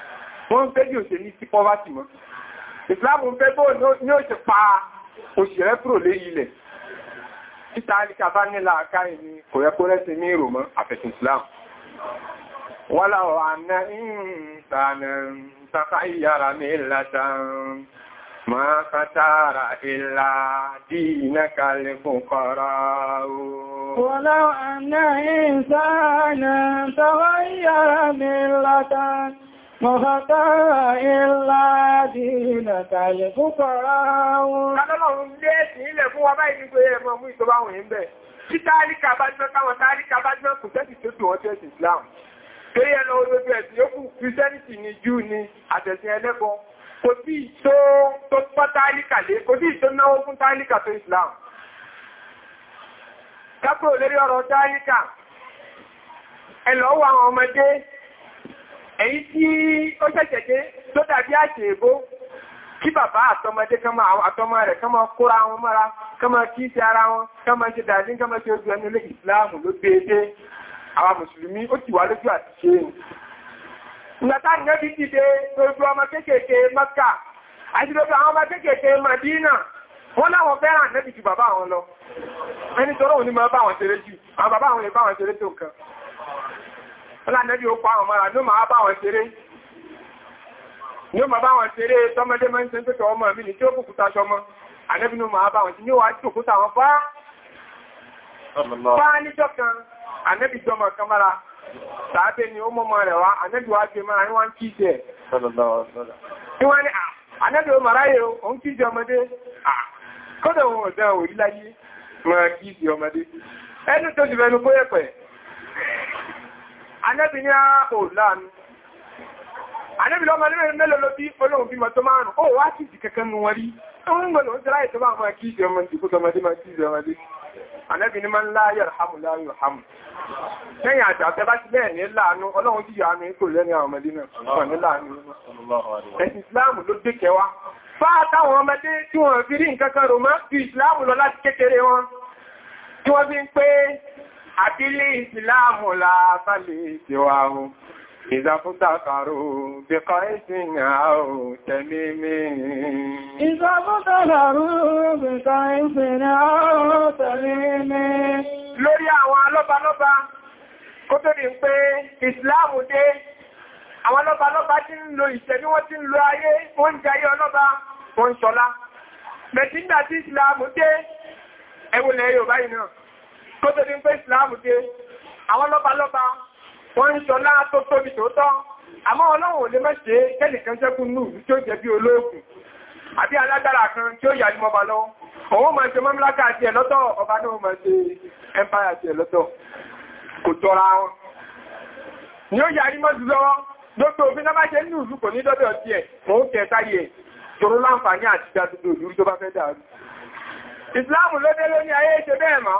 wọ́n ń fẹ́ bí òṣèlú sí pọ́vátì mọ́ ìsìláàmù ń fẹ́ bó ní òṣè pa òṣèré kúrò lé ilẹ̀ títà alìkà nílà àkáyì ni kò ní ìrò mọ́ àfẹ̀sìn ìsìláàmù wọ́n láwọ̀ àná ìrìnsànà tàfà Mọ̀sánká ilá dínà kàlẹ̀ fúkọ̀rá ohun. Adọ́lọ́run lé sí ilẹ̀ fún wa báyìí nígbé ẹ̀mọ̀ mú ìtọ́bá wọ̀nyí ń bẹ̀. Tí táríkà bá jọ táwọn táríkà bá jọ Islam. Torí ẹ̀nà olóògbé ẹ̀sìn yóò kú Christianity ni Júù ni àtẹ̀sìn ẹlẹ́bọ. Kò tí ìtó tó pọ́ táríkà lé, kò tí ìtó Islam. Kápò lórí ọ̀rọ̀ táríkà, ẹ̀lọ́wọ́ àwọn ọmọdé èyí tí ó jẹ́jẹ̀dé tó dàbí àṣẹ èbó kí bàbá àtọmọdé kama àtọmọ rẹ̀ kama kóra wọn mọ́ra kama kí sí ara wọn kama ṣe dàbí kama ṣe ojú ẹni lé ìsìláàmù ló déédé àwọn mùsùlùmí ó ti wà lójú àti ṣe ìgbàtà nẹ́bí ti dé ojú ọmọ kéékèèké Mẹ́kà àti lójú àwọn ọmọ kéékèèké Madina wọ́n láwọn fẹ́ràn nẹ́bí ju bàbá àwọn lọ ẹni tọ́rọ òní máa bá wọn ṣeré jù àwọn bàbá àwọn lè bá wọn ṣeré tó nǹkan ọlànẹ́bí ó pa ọmọ ní ó máa bá wọn ṣeré ní ó máa bá wọn ṣeré tọ́mọdé mọ́ ṣe ń pẹ́tọ̀ ọmọ mi ní tí ó kùkùta ṣọmọ ànẹ́bí ní ó máa bá wọn tí ní ó wá jòkúta wọn bá níjọ́ kan ànẹ́bí jọmọ kan mára tàbí ni ó mọ́mọ́ rẹ̀ wá ànẹ́bí wá jẹ anẹ́bì ní ààbò ah, láàánú anẹ́bì lọ́mọ lẹ́rẹ̀ mẹ́lọ ló bí olóhun bímọ tó márùn ó wá sí ìkẹ́kẹ́ mú wọ́n rí ń gbọ́nà oúnjẹ láì tó bá máa kí ìjọ ọmọdé kó tọmọdé máa kí ìjọ ọmọdé anẹ́bì ní máa ń láyọ̀ hàmù láyọ̀ hàmù lẹ́yìn àjọ àfẹ́ bá ti bẹ́ẹ̀ ní láàánú ọlọ́run ti yọ àánú ikú lẹ́ni àwọn ọmọdé náà wà ní láàánú ẹ̀sìn Islam ló dé kẹwa bá táwọn ọmọdé tí wọ́n fi rí nǹkan kan rò mọ́ ju Islam lọ láti kékeré wọn tí wọ́n fi ń pé àbílé ìsìláàmù láàbálẹ̀ ìtìwà ohun ìzàfútàkàrò bẹ̀kọ́ ìsìn àò tẹ̀mí mi ìzàfútàkàrò bẹ̀kọ́ ìsìn àò tẹ̀mí mi lórí àwọn alọ́balọ́ba kó tó di pé ìsìláàmù dé àwọn alọ́balọ́ba tí ń lo ìṣẹ̀bí wọ́n ti ń lo ayé wọ́n jayé ọlọ́ba wọ́n ṣọlá mẹ̀tíńdà kó tó ní pé ìsìláàmù dé àwọn lọ́balọ́ba wọ́n ń sọ láà tó tóbi tòótọ́ àmọ́ ọlọ́run ò lè mẹ́ṣe kẹ́nìkan jẹ́kún nù tí ó jẹ́ bí olóògùn àbí alágbára kan tí ó yàrí mọ́ba lọ́wọ́ òun máa ṣe mọ́mílákà àti ẹ̀lọ́tọ̀ ọba náà máa ṣe empire àti ẹ̀lọ́tọ̀ kò jọra wọn ni ó yàrí mọ́jú lọ́wọ́ gbogbo òfin náà bá ṣe ní ìlú kò ní dọ́dọ̀ ọtí ẹ̀ mọ́ ó kẹta yẹ tòrò láǹfààní àti ìdádúgbò ìlú tó bá fẹ́ dàrú ìsìláàmù lóde lóní ayé ṣe bẹ́ẹ̀ mọ́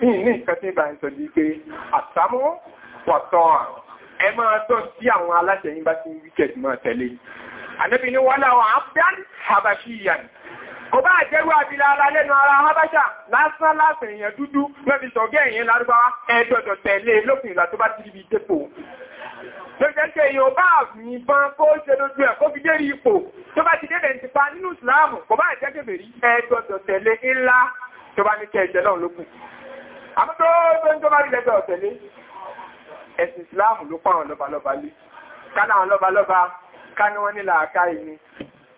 ní ní nǹkan tí ìbáyìí sọ di pé àtàmọ́ pọ̀tọ́ àrùn ẹ máa tọ́ sí àwọn aláṣẹ yín bá ti ń wíkẹ̀ tí máa tẹ̀lé ànábì ní wọ́n láwọn afghan habashiyan kò bá jẹ́rú àbílá alálẹ́nu ara habasha lásán lásán èèyàn dúdú lọ́bi sọ̀gẹ́ èèyàn lárúbáwá ẹ̀ẹ́dọ̀dọ̀ tẹ̀lé e lópin ìgbà tó bá ti ríbi dépò lójẹ́kẹ́ èèyàn bá yìnbọn kó ṣe lójú ẹ̀ kó fi dé rí ipò tó bá ti débẹ̀ ti pa nínú ìsìláàmù kò bá jẹ́kẹ́ àmọ́tọ́ ẹgbẹ́ ń jọba ìlẹ́gbẹ́ ọ̀tẹ̀lé ẹ̀sìn Islam ló pàwọn lọ́balọ́ba lé kánà àwọn lọ́balọ́ba kánú wọn nílà àká ìní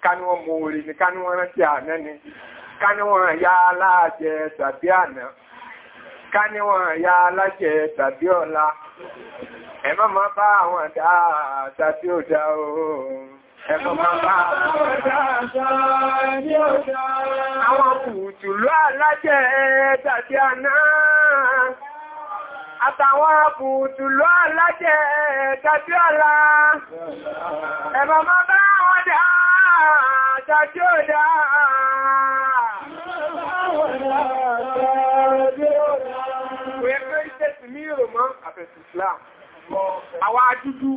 kánú wọn mọ orí ni kánú wọn rántí àná ni kánú wọn ya aláàjẹ tàbí àná kánú wọn ya alájẹ tàbí ọ̀la ẹ̀mọ́ máa bá àwọn dáa tàbí òdá ooo Ẹ̀kọ́ bàbá àwọn kùtùlú alájẹ́ ẹ̀ẹ́dàdí àná. Àtàwọn kùtùlú alájẹ́ ẹ̀ẹ́dàdí ọ̀la. Ẹ̀mọ̀ máa bá wọn dá àtàdí òdá. Wẹ́fẹ́ ìṣẹ́sì ní ìrò mọ́ àfẹ́sì Islam. Àwọn adúdú,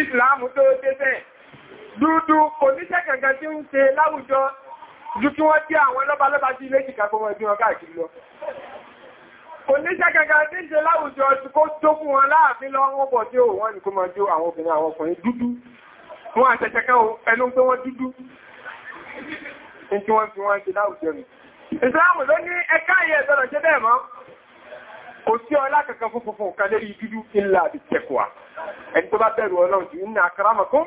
Islam tó débẹ̀ dúdú kò níṣẹ́ kankan tí ń ṣe láwùjọ ju kí wọ́n jẹ́ àwọn lọ́balọ́ba sí ilé ìjìká fọmọ ẹbí wọn káàkiri lọ kò níṣẹ́ kankan tí ń ṣe láwùjọ ju kó jókùn wọn láàfin lọ wọ́n bọ̀ tí ó wọ́n ní kó máa jó àwọn obìnrin àwọn ọkùnrin dúdú wọ́n àṣẹṣẹ́ kan ẹnu pé wọ́n dúdú ní tí wọ́n fi wọ́n ṣe láwùjọ nù ìsìláàmù ló kò sí ọlá kankan fún funfun kan lérí dúdú ńlá àbí ẹni tó bá bẹ̀rù ọlọ́run jù ní àkàràmọ̀kún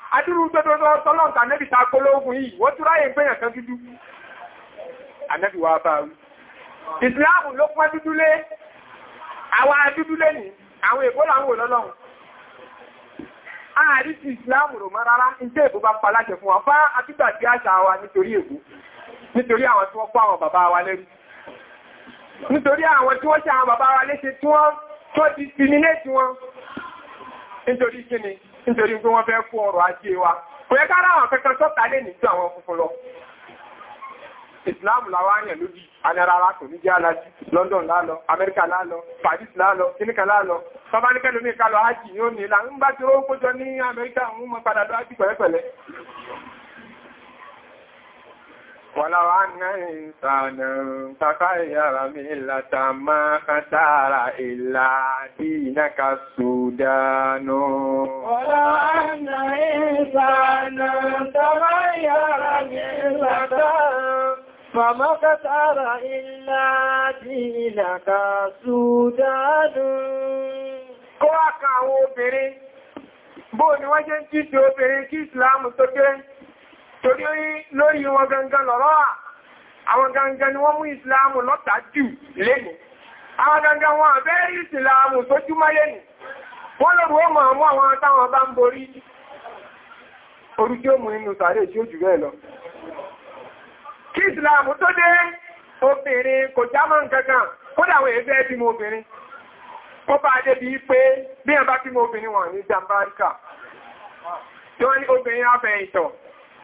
adúrú gbẹ́dọ́dọ́ tọ́lọ́ǹkà anẹ́bì ta kólógún yìí wọ́n tún ráyè gbẹ́yàn kan dúdú anẹ́bì wá bá rú ìsìláàmù ló pọ́n dúdú lé àwọn adúdú lé ní àwọn èkó làwọn olọ́lọ́run ààrí ti ìsìláàmù rò mọ́ rárá ìjẹ́ èkó bá paláṣẹ fún wọn fá àtúgbàdí àṣà wa nítorí èkó nítorí àwọn tí wọ́n pọ́ àwọn bàbá wa lẹ́rú nítorí àwọn tí wọ́n ṣe àwọn bàbá wa léṣe tí wọ́n tó di ti nílé tí wọ́n nítorí kíni nítorí pé wọ́n fẹ́ kó ọrọ̀ ajé wa kò yẹ kára àwọn kankan sọ́ta lè ní ju àwọn funfun lọ ìsìláàmù làwọn àyàn lójú anarara kò ní jẹ́ alájú London lálọ Amẹ́ríkà lálọ Paris lálọ kíníkà lálọ bàbá ní ájì yóò ní ìlànà ń bá tí ó kójọ ní Amẹ́ríkà ń mọ padà lọ ájì pẹ̀lẹ́pẹ̀lẹ́ ولو أن إنسانا تخير ملة ما اختار إلا دينك السودان ولو أن إنسانا تخير ملة فما اختار إلا دينك السودان Kọ́wàkà àwọn obìnrin, bóò ni wọ́n jẹ́ ń kí ti obìnrin kí ìsìlámù tó kéré torí lórí wọn gangan lọ́rọ̀ à àwọn gangan ni wọ́n mú ìsìláàmù lọ́ta jù lẹ́nu àwọn gangan wọn àbẹ́rí ìsìláàmù tó júmọ́ lẹ́nu wọ́n lọ́rù ó mọ̀ mú àwọn táwọn bá ń borí orú tí ó mú inú sàárè tí ó jù bẹ́ẹ̀ lọ kí ìsìláàmù tó dé obìnrin kò jámọ́ nǹkankan kódà àwọn èébẹ́ bí mo obìnrin ó bá dé bí pé bí ẹ bá bí mo obìnrin wọ̀n ní jàmbáríkà tí wọ́n ní obìnrin afẹ́ ìtọ̀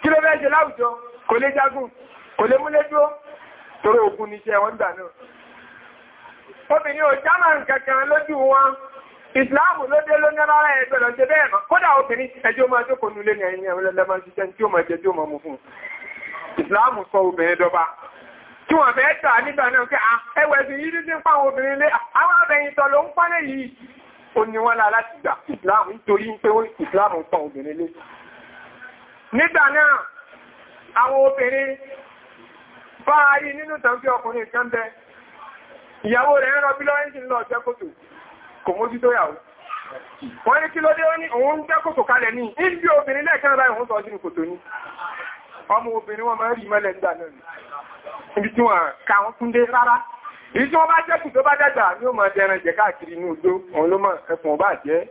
kí ló fẹ́ jẹ láwùjọ kò lè jagun kò lè múlé dúró torí ogun níṣẹ́ wọn gbà náà obìnrin ò jámà kankan lójú wọn ìsìláàmù ló dé ló nẹ́rọ ara ẹgbẹ̀ lọ jẹ bẹ́ẹ̀ mọ́ kódà obìnrin ẹjọ́ máa jókòó nílé ní ẹ̀yìn ẹ̀rọ lẹ́mọ́ ṣiṣẹ́ tí ó máa jẹ tí ó máa mú fún ìsìláàmù sọ obìnrin dọba tí wọ́n fẹ́ tà nígbà náà pé ah, wọ́n ìsìláàmù nítorí obìnrin lé nígbà náà àwọn obìnrin bá ayé nínú tàbí ọkùnrin kan bẹ ìyàwó rẹ̀ ń rọbí lọ́rẹ́jì lọ jẹ́kòtò kò mójú tó yàwó wọ́n ní kí ló dé ó ní òun jẹ́kòtò kalẹ̀ ní ibi obìnrin lẹ́ẹ̀kan ráyẹ̀ òun sọ sínú kòtò ní ọmọ obìnrin wọn máa rí mẹ́lẹ̀ nígbà náà ibi ọba jẹ́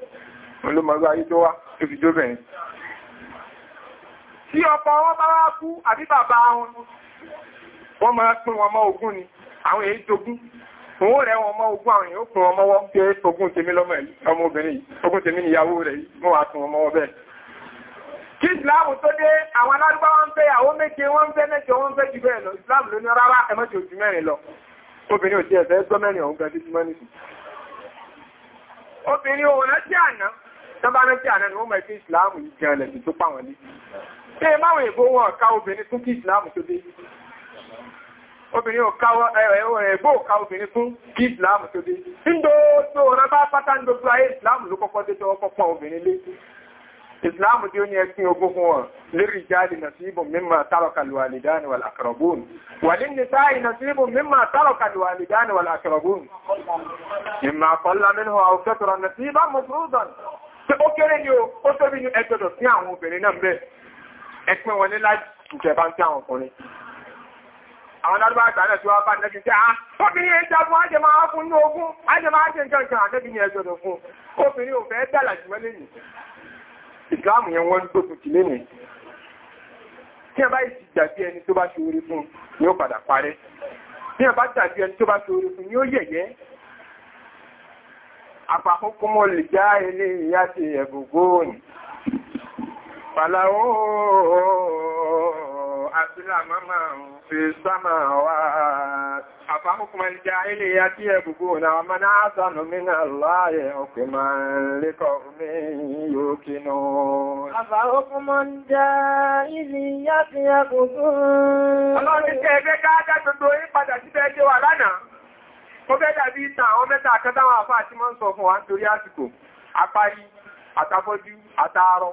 òun ló ayé tó wá tó fi jó bẹ̀rẹ̀ tí ọba wọn bá wá kú àbí bàbá wọn wọ́n máa pín wọn mọ́ ogún ni àwọn èyí jogún òun rẹ̀ wọn mọ́ ogún àwọn èyí ó pín wọn mọ́wọ́ pé ogún tèmi lọ́mọbìnrin ogún tèmi níyàwó rẹ̀ mọ́ wá pín wọn mọ́wọ́ bẹ́ẹ̀ kí ìsìláàmù tó dé àwọn alárúbáwá ń fẹ́ àwọn méje wọ́n ń fẹ́ mẹ́jọ wọ́n ń fẹ́ jù bẹ́ẹ̀ lọ ìsìláàmù ló ní rárá ẹmọ́jọ ojú mẹ́rin lọ obìnrin òtí ẹ̀fẹ́ gbọ́ mẹ́rin ọ̀hún gbẹ́ títí mọ́nìsì obìnrin òun rántí àná tọ́bá rántí àná ni ó mọ̀ ẹ̀fẹ́ ìsìláàmù yìí jẹ́ ọ̀lẹ̀ tó pàwọn ní Ṣé máwọn èbó wọn ká obìnrin fún kí ìsìláàmù tó dé? Obìnrin èbó ká obìnrin fún kí ìsìláàmù tó dé. Ndóòdó ọ̀nà bá pátá ń gbogbo ayé ìsìláàmù ló kọ́kọ́ dé tọwọ́ pọ́pọ́ obìnrin lé. Ìsìláàmù tí ó ní ẹ̀sìn ogún fún wọn lérí jáde nàṣíbù mímọ̀ tárọkàlùwà lè dáni wà lákàrọ̀bùn. Wà ní nìtáì nàṣíbù àwọn òṣètò rọ̀ nàṣíbà ẹ̀pẹ́ wọlé láti ìjẹba ń tí àwọn ọkùnrin àwọn lọ́dún bá gbà náà tí wọ́n bá nẹ́bí tí a ah, obìnrin ẹja fún ajẹ́ máa fún ní ogún ajẹ́ máa jẹ́ nǹkan kan àtẹ́bí ní ẹjọ́dọ̀ fún obìnrin ò fẹ́ dàlà jù mẹ́lẹ̀ yìí ìsìláàmù yẹn wọ́n tó tutù lẹ́nìí tí ẹ ṣe orí fún ni ó padà parẹ́ tí ẹ bá dàbí ẹni tó bá ṣe orí ni ó yẹ̀yẹ́ àpapọ̀ kọ́mọ lè já ilé ìyá ti ẹ̀bùn góòyìn fàláwó àsìlámà máa ń fi sámà wá àfáhùkùnmọ̀ ìjà ilé ya tí ẹ gbogbo náà ma náà sánú mínà láàyẹ ọkùn máa mí ya tí ẹ gbogbo. Ọlọ́rin tẹ́ ẹgbẹ́ káádá gbogbo yí padà sí bẹ́ẹ̀ wà lánàá. Ó bẹ́ dàbí ìtàn tí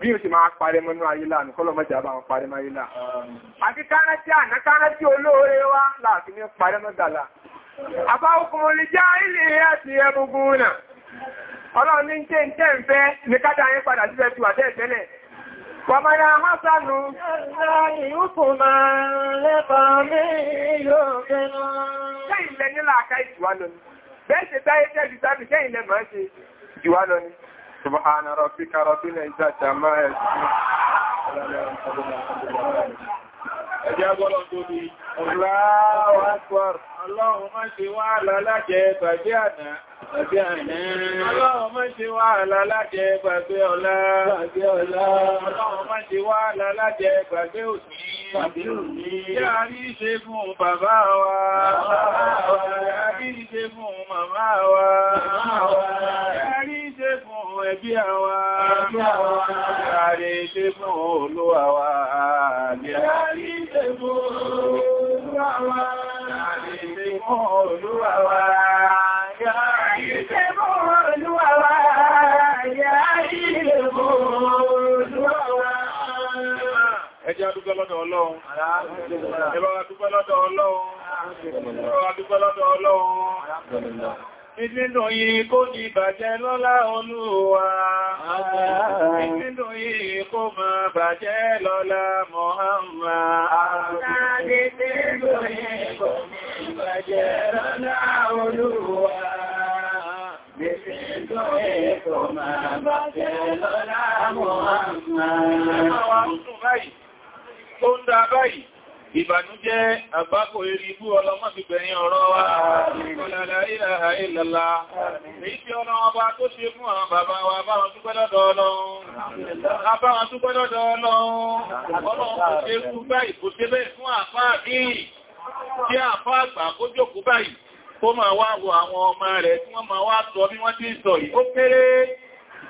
bí o sì máa parẹ mọ́nú ayélá ní kọ́lọ̀ mọ́jà bá wọn parẹ mọ́ ayélá. àti kárẹ́tí àná kárẹ́tí olóore wá láàfin ní parẹ́ mọ́ dàlá. àbáwọ̀kùn olè já ilé àti ẹgbùgbùn náà ọlọ́run ní tẹ́ ń tẹ́ ní سبحان ربك رب العزة عما يصفون Allahu akbar. Ọlọ́run má ṣe wá alálájẹ bàbí àná. Bàbí àná. Ọlọ́run má ṣe wá alálájẹ bàbí ọlá. Bàbí ọlá. Ọlọ́run má ṣe wá alálájẹ bàbí òní ẹbí àwa ààrẹ ṣe fún olúwa wa ààrẹ ṣe fún olúwa wa ààrẹ ṣe fún olúwa wa ààrẹ ṣe fún olúwa wa ààrẹ ṣe fún olúwa wa ẹjẹ́ adúgbẹ́ lọ́dọ̀ ọlọ́run ẹbá adúgbẹ́ lọ́dọ̀ ọlọ́run ẹbá adúgbẹ́ lọ́dọ̀ ọlọ́run Ìdíndùn yìí kó di bàjẹ́ lọ́lá olúwa. Ìdíndùn yìí kó máa bàjẹ́ lọ́lá Muhammad. Ìdíndùn yìí kó di bàjẹ́ lọ́lá olúwa. Ìdíndùn yìí kó máa bàjẹ́ lọ́lá Muhammad. Ó ń dá báyìí ìbànújẹ́ àgbákò eré ibú ọlọ́mọ ti bẹ̀rin ọ̀rọ̀ wa ìkọlẹ̀lẹ̀ ìlàhà ìlàlá èyí tí ọ̀nà ọba tó ṣe fún àwọn bàbá wa báwọn túpẹ́ lọ́dọ̀ ọlọ́run kó máa wá wo àwọn ọmọ rẹ̀ tí wọ́n máa wá sọ bí wọ́n ti sọ yìí ó kéré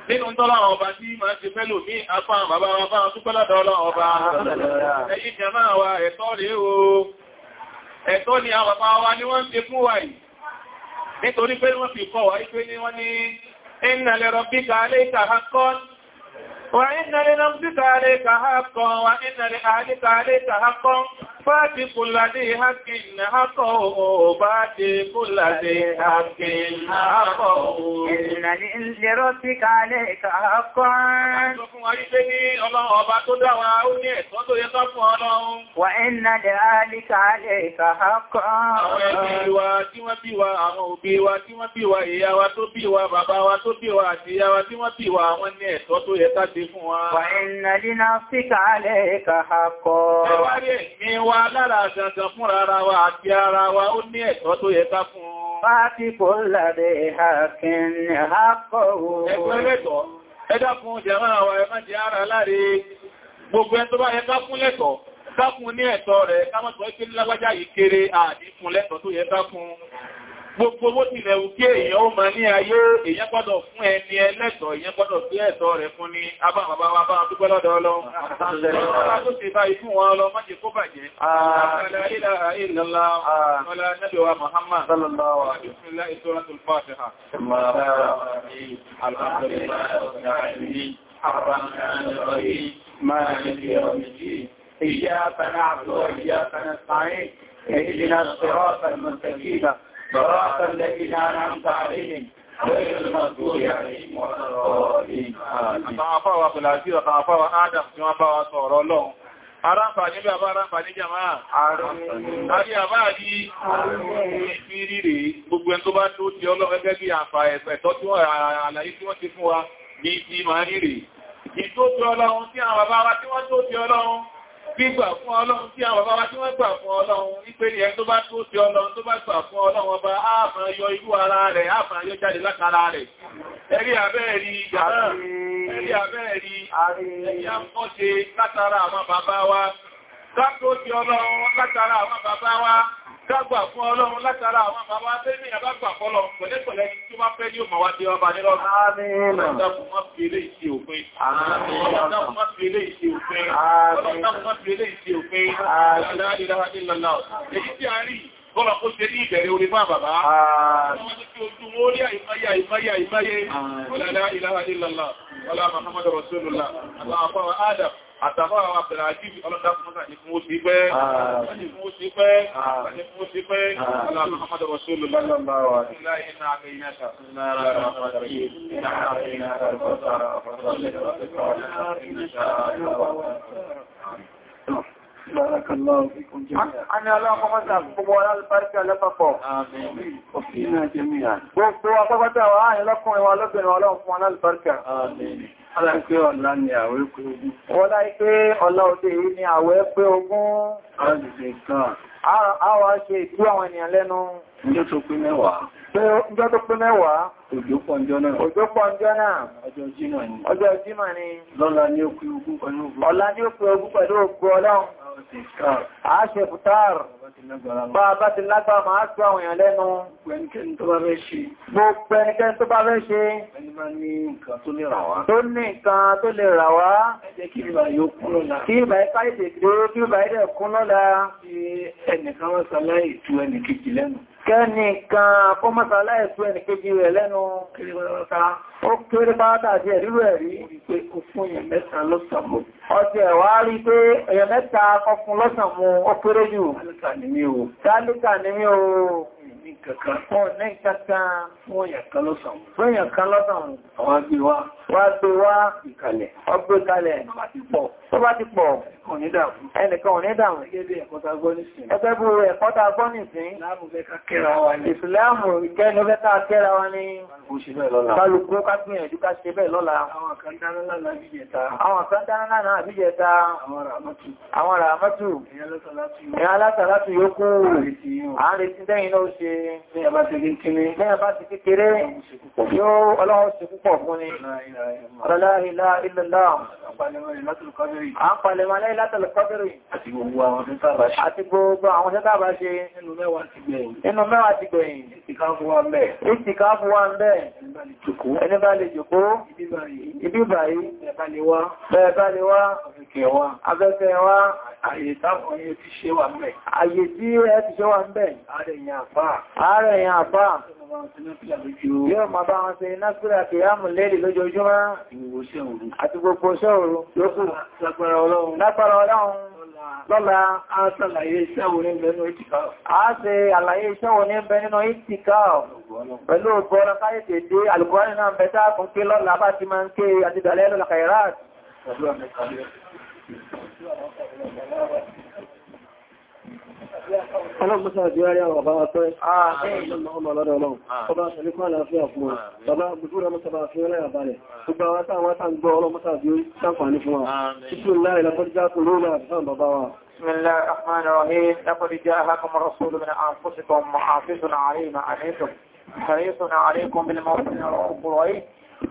nínú tọ́lá ọba tí máa ti fẹ́lò ní apá bàbá wọn bá tún pẹ́lá dọ́lá ọba ẹ̀yí jẹmá wa ẹ̀tọ́ rẹ̀ o ẹ̀tọ́ ni a bàbá wa ni wọ́n ti fún wa yìí nítorí pé wọ́n fi kọ́ wa ipé ni wọ́n ni Fáàtí kùlàdé hakin àkọ̀ òbá ti kùlàdé hakin àkọ̀ ìrìnàlẹ̀ ìlérọ́ sí kàálẹ̀ ìkà àkọ́ Wà ẹ̀nà lè àkọ́. Àwọn ẹbí wa tí wọ́n bí wa, àwọn wa inna wọ́n bí wa, ìyá wa tó bí wa, bàbá wa tó bí wa, àti wa tí wọ́n bí wa, wa. Wà ẹ̀nà lè náà àwa lára gangan fún ara wa àti ara wa ó ní ẹ̀tọ́ tó yẹ ká fún Fáàtí kò làdé àkín àkọ̀wò. Ẹgbẹ́ lẹ́tọ̀, ẹjá fún jẹ̀mọ́ àwọn ẹmọ́ jẹ́ ara tó yẹ ká fún gbogbo owó tilẹ̀ òkè èèyàn ó máa ní ayé èèyàn gbọ́dọ̀ fún ẹni ẹlẹ́tọ̀ èèyàn gbọ́dọ̀ sí ẹ̀tọ́ rẹ̀ fún ní abáwàbá wa bá dúpẹ́ lọ́dọ̀ ọlọ́run إياك نعبد وإياك نستعين اهدنا الصراط المستقيم صراط الذين أنعمت عليهم Àtàwọn àpáwà Bùlàjí ọ̀tà àpáwà Adam tí wọ́n bá wa sọ̀rọ̀ Ọlọ́run. Aráǹfà ní bí àbá aráǹfà ní jàmáà. Àrí àbá rí ìfí rírè gbogbo ẹn tó bá tó ti ọlọ́gẹ́gẹ́ bí àfà ẹ̀fẹ̀tọ́ tí wọ́n àlàyé tí wọ́n ti fún wa ní ti máa rírè. Ìtó ti ọlọ́run tí àwọn bàbá wa tí wọ́n tó ti ọlọ́run gbígbà fún ọlọ́run tí àwọn bàbá tí wọ́n gbà fún ọlọ́run wípé ni ẹni tó bá tó tí ọlọ́run tó bá gbà fún ọlọ́run ọba ààfà yọ irú ara rẹ̀ ààfà yọ jáde látara rẹ̀ ẹ̀rí látara àwọn bàbá wa kágbà fún ọlọ́run látara àwọn bàbá tẹ́lẹ̀ àbá gbà fọ́lọ̀ pẹ̀lẹ́pẹ̀lẹ́ tí wọ́n fẹ́ ní òmàwá tí wọ́n bá ní lọ́rùn. ọlọ́dàkùn má fi ilé ìṣe òfin. ọlọ́dàkùn má fi ilé ìṣe òfin. ọlọ́dàkùn má fi ilé ìṣe òfin. èyí tí a rí Bọ́lá kó ṣe ní ìbẹ̀rẹ̀ orí fún àbàbá. Wọ́n ti fi ojú wọn rí àìmáyà àìmáyà àìmáyé. Wọ́lá ilá ilá ilá ilá. Wọ́lá Muhammadu Rasulullah. Àwọn àpá Adam àtàwọn àwọn àpẹẹrẹ àjíbi ọlọ́dákùnmọ́sá ní fún ó sí pẹ́ ní fún ó sí pẹ́ ní fún ó sí pẹ́ aláàmọ́ ọmọdé wọ́n sólù lọ́lọ́lọ́wọ́ ìlàí iná àgbẹ̀ iná ṣàtúnlá rárá ọmọdé yìí iná àgbẹ̀ iná ṣàtúnlá rárá ọmọdé yìí iná àgbẹ̀ iná بارك الله فيكم جميعا أنا لا خمسة قبول البركة لبقوا آمين وفينا جميعا وقوا فقطة وآه لكم ولبن ولهم البركة آمين Ọlá ìpé ọ̀lá ni àwẹ́ pé ogún. Ọlá ìpé ọlá òde yìí ni àwẹ́ pé ogún. Àwọn ṣe ìtú àwọn ènìyàn lẹ́nu. Ìjọ́ tó pé mẹ́wàá. Ìjọ́ tó pé mẹ́wàá. Òjò pọ̀ ǹjọ́ náà. Òjò pọ̀ ǹjọ́ náà. Ọjọ́ Jímọ̀ ni. Ọjọ́ Jímọ̀ ni. Lọ́la ni ó pé ogún pẹ̀lú ogún. Ọlá ni ó pé ogún pẹ̀lú ogún ọlọ́run. Àṣẹ fùtàrù. Bá bá ti lágbàá máa tó àwọn èèyàn lẹ́nu. Gbogbo ẹnikẹ́ni tó bá fẹ́ ṣe. Gbogbo ẹnikẹ́ni tó bá fẹ́ ṣe. Ẹni bá ní nǹkan tó ní ní nǹkan tó lè rà wá kí ìbà ẹ̀ká ìdèkìdóró kí ìbà ẹ̀dẹ̀ kún lọ́la ẹnìkan mọ́sàlá ètò ẹnìkejì lẹ́nu kẹ́nìkan kó mọ́sàlá ètò ẹnìkejì rẹ̀ lẹ́nu ó kéré pátá àti ẹ̀rírò ẹ̀rí pé ó fún èèyàn mẹ́ta lọ́sàn mú ọjọ́ ẹ̀wà rí pé èèyàn mẹ́ta ọkùn lọ́sàn mú ó kéré ní kankan ọ̀nà ìkàkà fún ọ̀yà kan lọ́sàn fún ọ̀yà kan lọ́sàn àwọn agbèwà wá gbé wá ìkàlẹ̀ ọgbẹ́ kalẹ̀ tó ti pọ̀ ẹnìkan ò ní dàmù ẹgbẹ́ bú ẹ̀kọ́ ta gbọ́ nìsín ìsìláàmù ìkẹ́ni ọgbẹ́ ká kẹ́ra wa ní kálùkú ká gbìyànjú ká ṣe bẹ́ẹ̀ lọ́la àwọn kan dáná lánàá àbíjẹta àwọn ràmọ́tù ìyá alátàlátù yókù àárẹ̀ tí dẹ́yìn náà ṣe mẹ́ẹ̀ bá ti kékeré yóò ọlọ́run ṣe púpọ̀ fún ni ọlọ́lá ilá ilẹ̀ láàrùn àpàlẹ̀mọ́ látàlẹ̀ kọ́bẹ̀rẹ̀ àti gbogbo àwọn tẹ́tàbà ṣe inú mẹ́wàá ti gbẹ̀yìn. Inú mẹ́wàá ti gbẹ̀yìn. Ìtìkáfù wa ń bẹ̀. Ìtìkáfù wa ń bẹ̀. Ẹni bá lè jòkó. Ibi báyìí. Bẹ̀ẹ̀bá lè wá. Bẹ̀ẹ̀bá lè wá. Afẹ́kẹ̀ wá. Afẹ́kẹ̀ wá. Àyè táwọn yẹn ti ṣe wà ń bẹ̀. Àyè tí ẹ ti Yóò máa bá wọn ṣe náfíra kì á mú lẹ́lì lójoojúmọ́ àti gbogbo ṣọ́rọ̀ yóò lágbára ọlọ́run lọ́la a ṣe àlàyé iṣẹ́ wo ní bẹ nínú ìtìká pẹ̀lú ọgbọ́n káyẹ̀kẹ́ dé alùkọ́rin náà bẹ̀ta fún kí lọ́la bá ti máa ń ké àti ìdàlẹ́ lọ́la kàìráàtì Ọlọ́run sọ àjọ àríyá ọ̀bá ọ̀tọ́ ọmọ ọlọ́dọ̀ ọlọ́run, ọba àṣẹ̀lẹ́kọ́ àlàáfíà fún wa, bàbá gbogbo ọmọ sọba àfihàn láyà balẹ̀, gbogbo àwọn táwọn tàǹgbọ́ ọlọ́mọ sàbí sàǹfàní fún wa. Ìṣù láì lọ́kọ́já kò lóòrùn àbúsàn bàbá wa. بسم الله الرحمن الرحيم لقد جاءكم الرسول من أنفسكم حافظ عليه ما عنيتم حريص عليكم بالمؤمنين رؤوف رحيم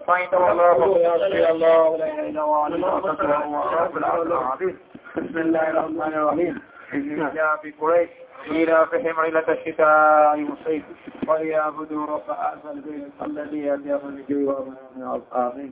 فإن الله فقل الله لا إله إلا هو العلي العظيم بسم الله الرحمن الرحيم نعم. إلى قريش إلى فهم علة الشتاء والصيف وإلى بدور رب البيت الذي يبيض الجوي ومن الأرض